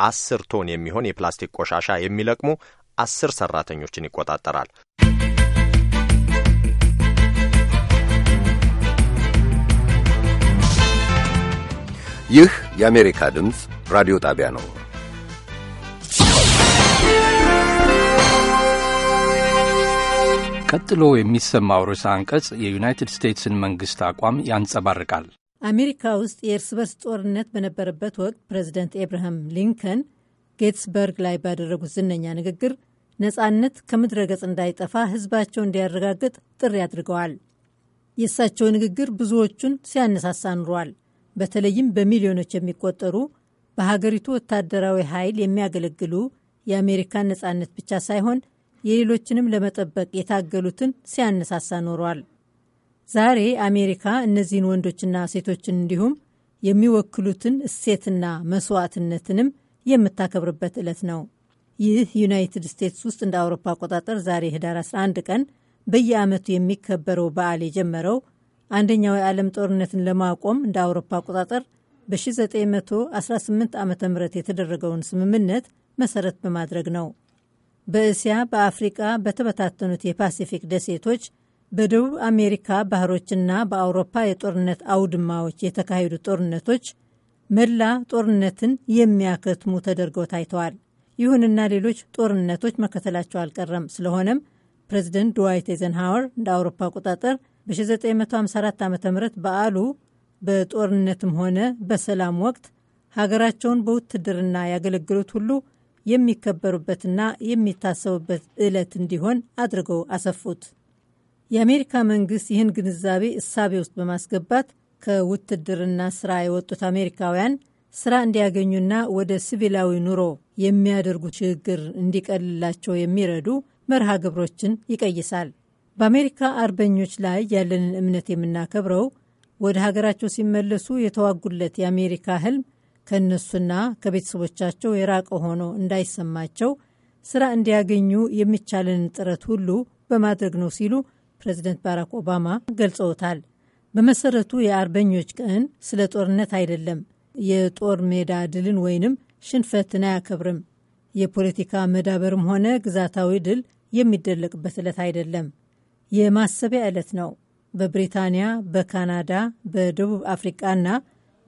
S10: አስር ቶን የሚሆን የፕላስቲክ ቆሻሻ የሚለቅሙ አስር ሰራተኞችን ይቆጣጠራል።
S2: ይህ የአሜሪካ ድምፅ ራዲዮ ጣቢያ ነው።
S7: ቀጥሎ የሚሰማው ርዕሰ አንቀጽ የዩናይትድ ስቴትስን መንግስት አቋም ያንጸባርቃል።
S5: አሜሪካ ውስጥ የእርስ በርስ ጦርነት በነበረበት ወቅት ፕሬዚደንት ኤብርሃም ሊንከን ጌትስበርግ ላይ ባደረጉት ዝነኛ ንግግር ነፃነት ከምድረ ገጽ እንዳይጠፋ ህዝባቸው እንዲያረጋግጥ ጥሪ አድርገዋል። የእሳቸው ንግግር ብዙዎቹን ሲያነሳሳ ኑሯል። በተለይም በሚሊዮኖች የሚቆጠሩ በሀገሪቱ ወታደራዊ ኃይል የሚያገለግሉ የአሜሪካን ነፃነት ብቻ ሳይሆን የሌሎችንም ለመጠበቅ የታገሉትን ሲያነሳሳ ኖሯል። ዛሬ አሜሪካ እነዚህን ወንዶችና ሴቶችን እንዲሁም የሚወክሉትን እሴትና መስዋዕትነትንም የምታከብርበት ዕለት ነው። ይህ ዩናይትድ ስቴትስ ውስጥ እንደ አውሮፓ አቆጣጠር ዛሬ ህዳር 11 ቀን በየዓመቱ የሚከበረው በዓል የጀመረው አንደኛው የዓለም ጦርነትን ለማቆም እንደ አውሮፓ አቆጣጠር በ1918 ዓ ም የተደረገውን ስምምነት መሰረት በማድረግ ነው። በእስያ፣ በአፍሪቃ በተበታተኑት የፓሲፊክ ደሴቶች፣ በደቡብ አሜሪካ ባህሮችና በአውሮፓ የጦርነት አውድማዎች የተካሄዱ ጦርነቶች መላ ጦርነትን የሚያከትሙ ተደርገው ታይተዋል። ይሁንና ሌሎች ጦርነቶች መከተላቸው አልቀረም። ስለሆነም ፕሬዚደንት ድዋይት ኤዘንሃወር እንደ አውሮፓ አቆጣጠር በ1954 ዓ ም በዓሉ በጦርነትም ሆነ በሰላም ወቅት ሀገራቸውን በውትድርና ያገለግሉት ሁሉ የሚከበሩበትና የሚታሰቡበት ዕለት እንዲሆን አድርገው አሰፉት። የአሜሪካ መንግስት ይህን ግንዛቤ እሳቤ ውስጥ በማስገባት ከውትድርና ስራ የወጡት አሜሪካውያን ስራ እንዲያገኙና ወደ ሲቪላዊ ኑሮ የሚያደርጉ ሽግግር እንዲቀልላቸው የሚረዱ መርሃ ግብሮችን ይቀይሳል። በአሜሪካ አርበኞች ላይ ያለንን እምነት የምናከብረው ወደ ሀገራቸው ሲመለሱ የተዋጉለት የአሜሪካ ህልም ከእነሱና ከቤተሰቦቻቸው የራቀ ሆኖ እንዳይሰማቸው ስራ እንዲያገኙ የሚቻለንን ጥረት ሁሉ በማድረግ ነው ሲሉ ፕሬዚደንት ባራክ ኦባማ ገልጸውታል። በመሰረቱ የአርበኞች ቀን ስለ ጦርነት አይደለም፣ የጦር ሜዳ ድልን ወይንም ሽንፈትን አያከብርም፣ የፖለቲካ መዳበርም ሆነ ግዛታዊ ድል የሚደለቅበት ዕለት አይደለም፣ የማሰቢያ ዕለት ነው። በብሪታንያ፣ በካናዳ፣ በደቡብ አፍሪቃና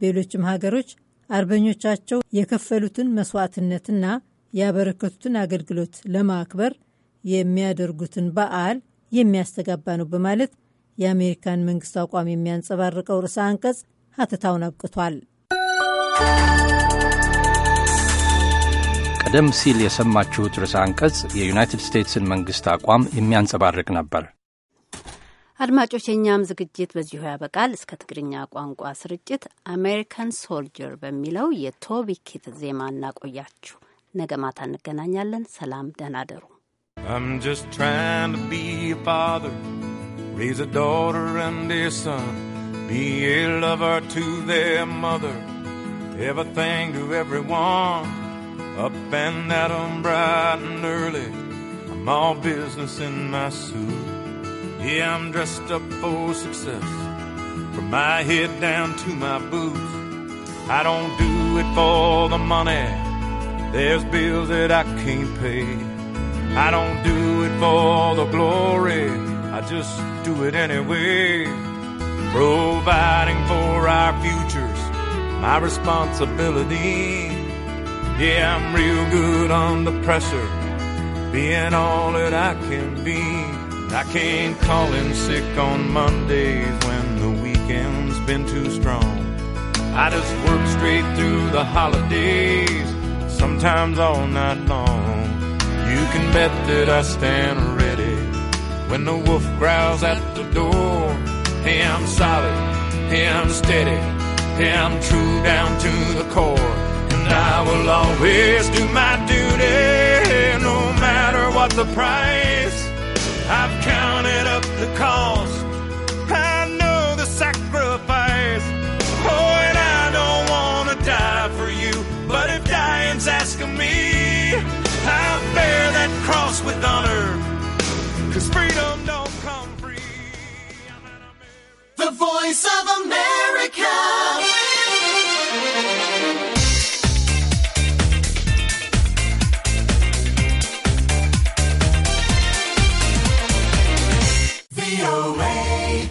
S5: በሌሎችም ሀገሮች አርበኞቻቸው የከፈሉትን መስዋዕትነትና ያበረከቱትን አገልግሎት ለማክበር የሚያደርጉትን በዓል የሚያስተጋባ ነው በማለት የአሜሪካን መንግስት አቋም የሚያንጸባርቀው ርዕሰ አንቀጽ ሀተታውን አብቅቷል።
S7: ቀደም ሲል የሰማችሁት ርዕሰ አንቀጽ የዩናይትድ ስቴትስን መንግስት አቋም የሚያንጸባርቅ ነበር።
S1: አድማጮች፣ የእኛም ዝግጅት በዚሁ ያበቃል። እስከ ትግርኛ ቋንቋ ስርጭት አሜሪካን ሶልጀር በሚለው የቶቢ ኪት ዜማ እናቆያችሁ። ነገ ማታ እንገናኛለን። ሰላም፣ ደህና አደሩ።
S3: I'm just trying to be a father, raise a daughter and a son, be a lover to their mother, everything to everyone. Up and at 'em bright and early, I'm all business in my suit. Yeah, I'm dressed up for success from my head down to my boots. I don't do it for the money. There's bills that I can't pay. I don't do it for the glory. I just do it anyway. Providing for our futures, my responsibility. Yeah, I'm real good under pressure, being all that I can be. I can't call in sick on Mondays when the weekend's been too strong. I just work straight through the holidays, sometimes all night long. You can bet that I stand ready when the wolf growls at the door. Hey, I'm solid, hey, I'm steady, hey, I'm true down to the core. And I will always do my duty, no matter what the price. I've counted up the cost. I know the sacrifice. Oh, and I don't want to die for you. But if dying's asking me, I'll bear that cross with honor. Cause freedom don't come free.
S8: The voice
S12: of America.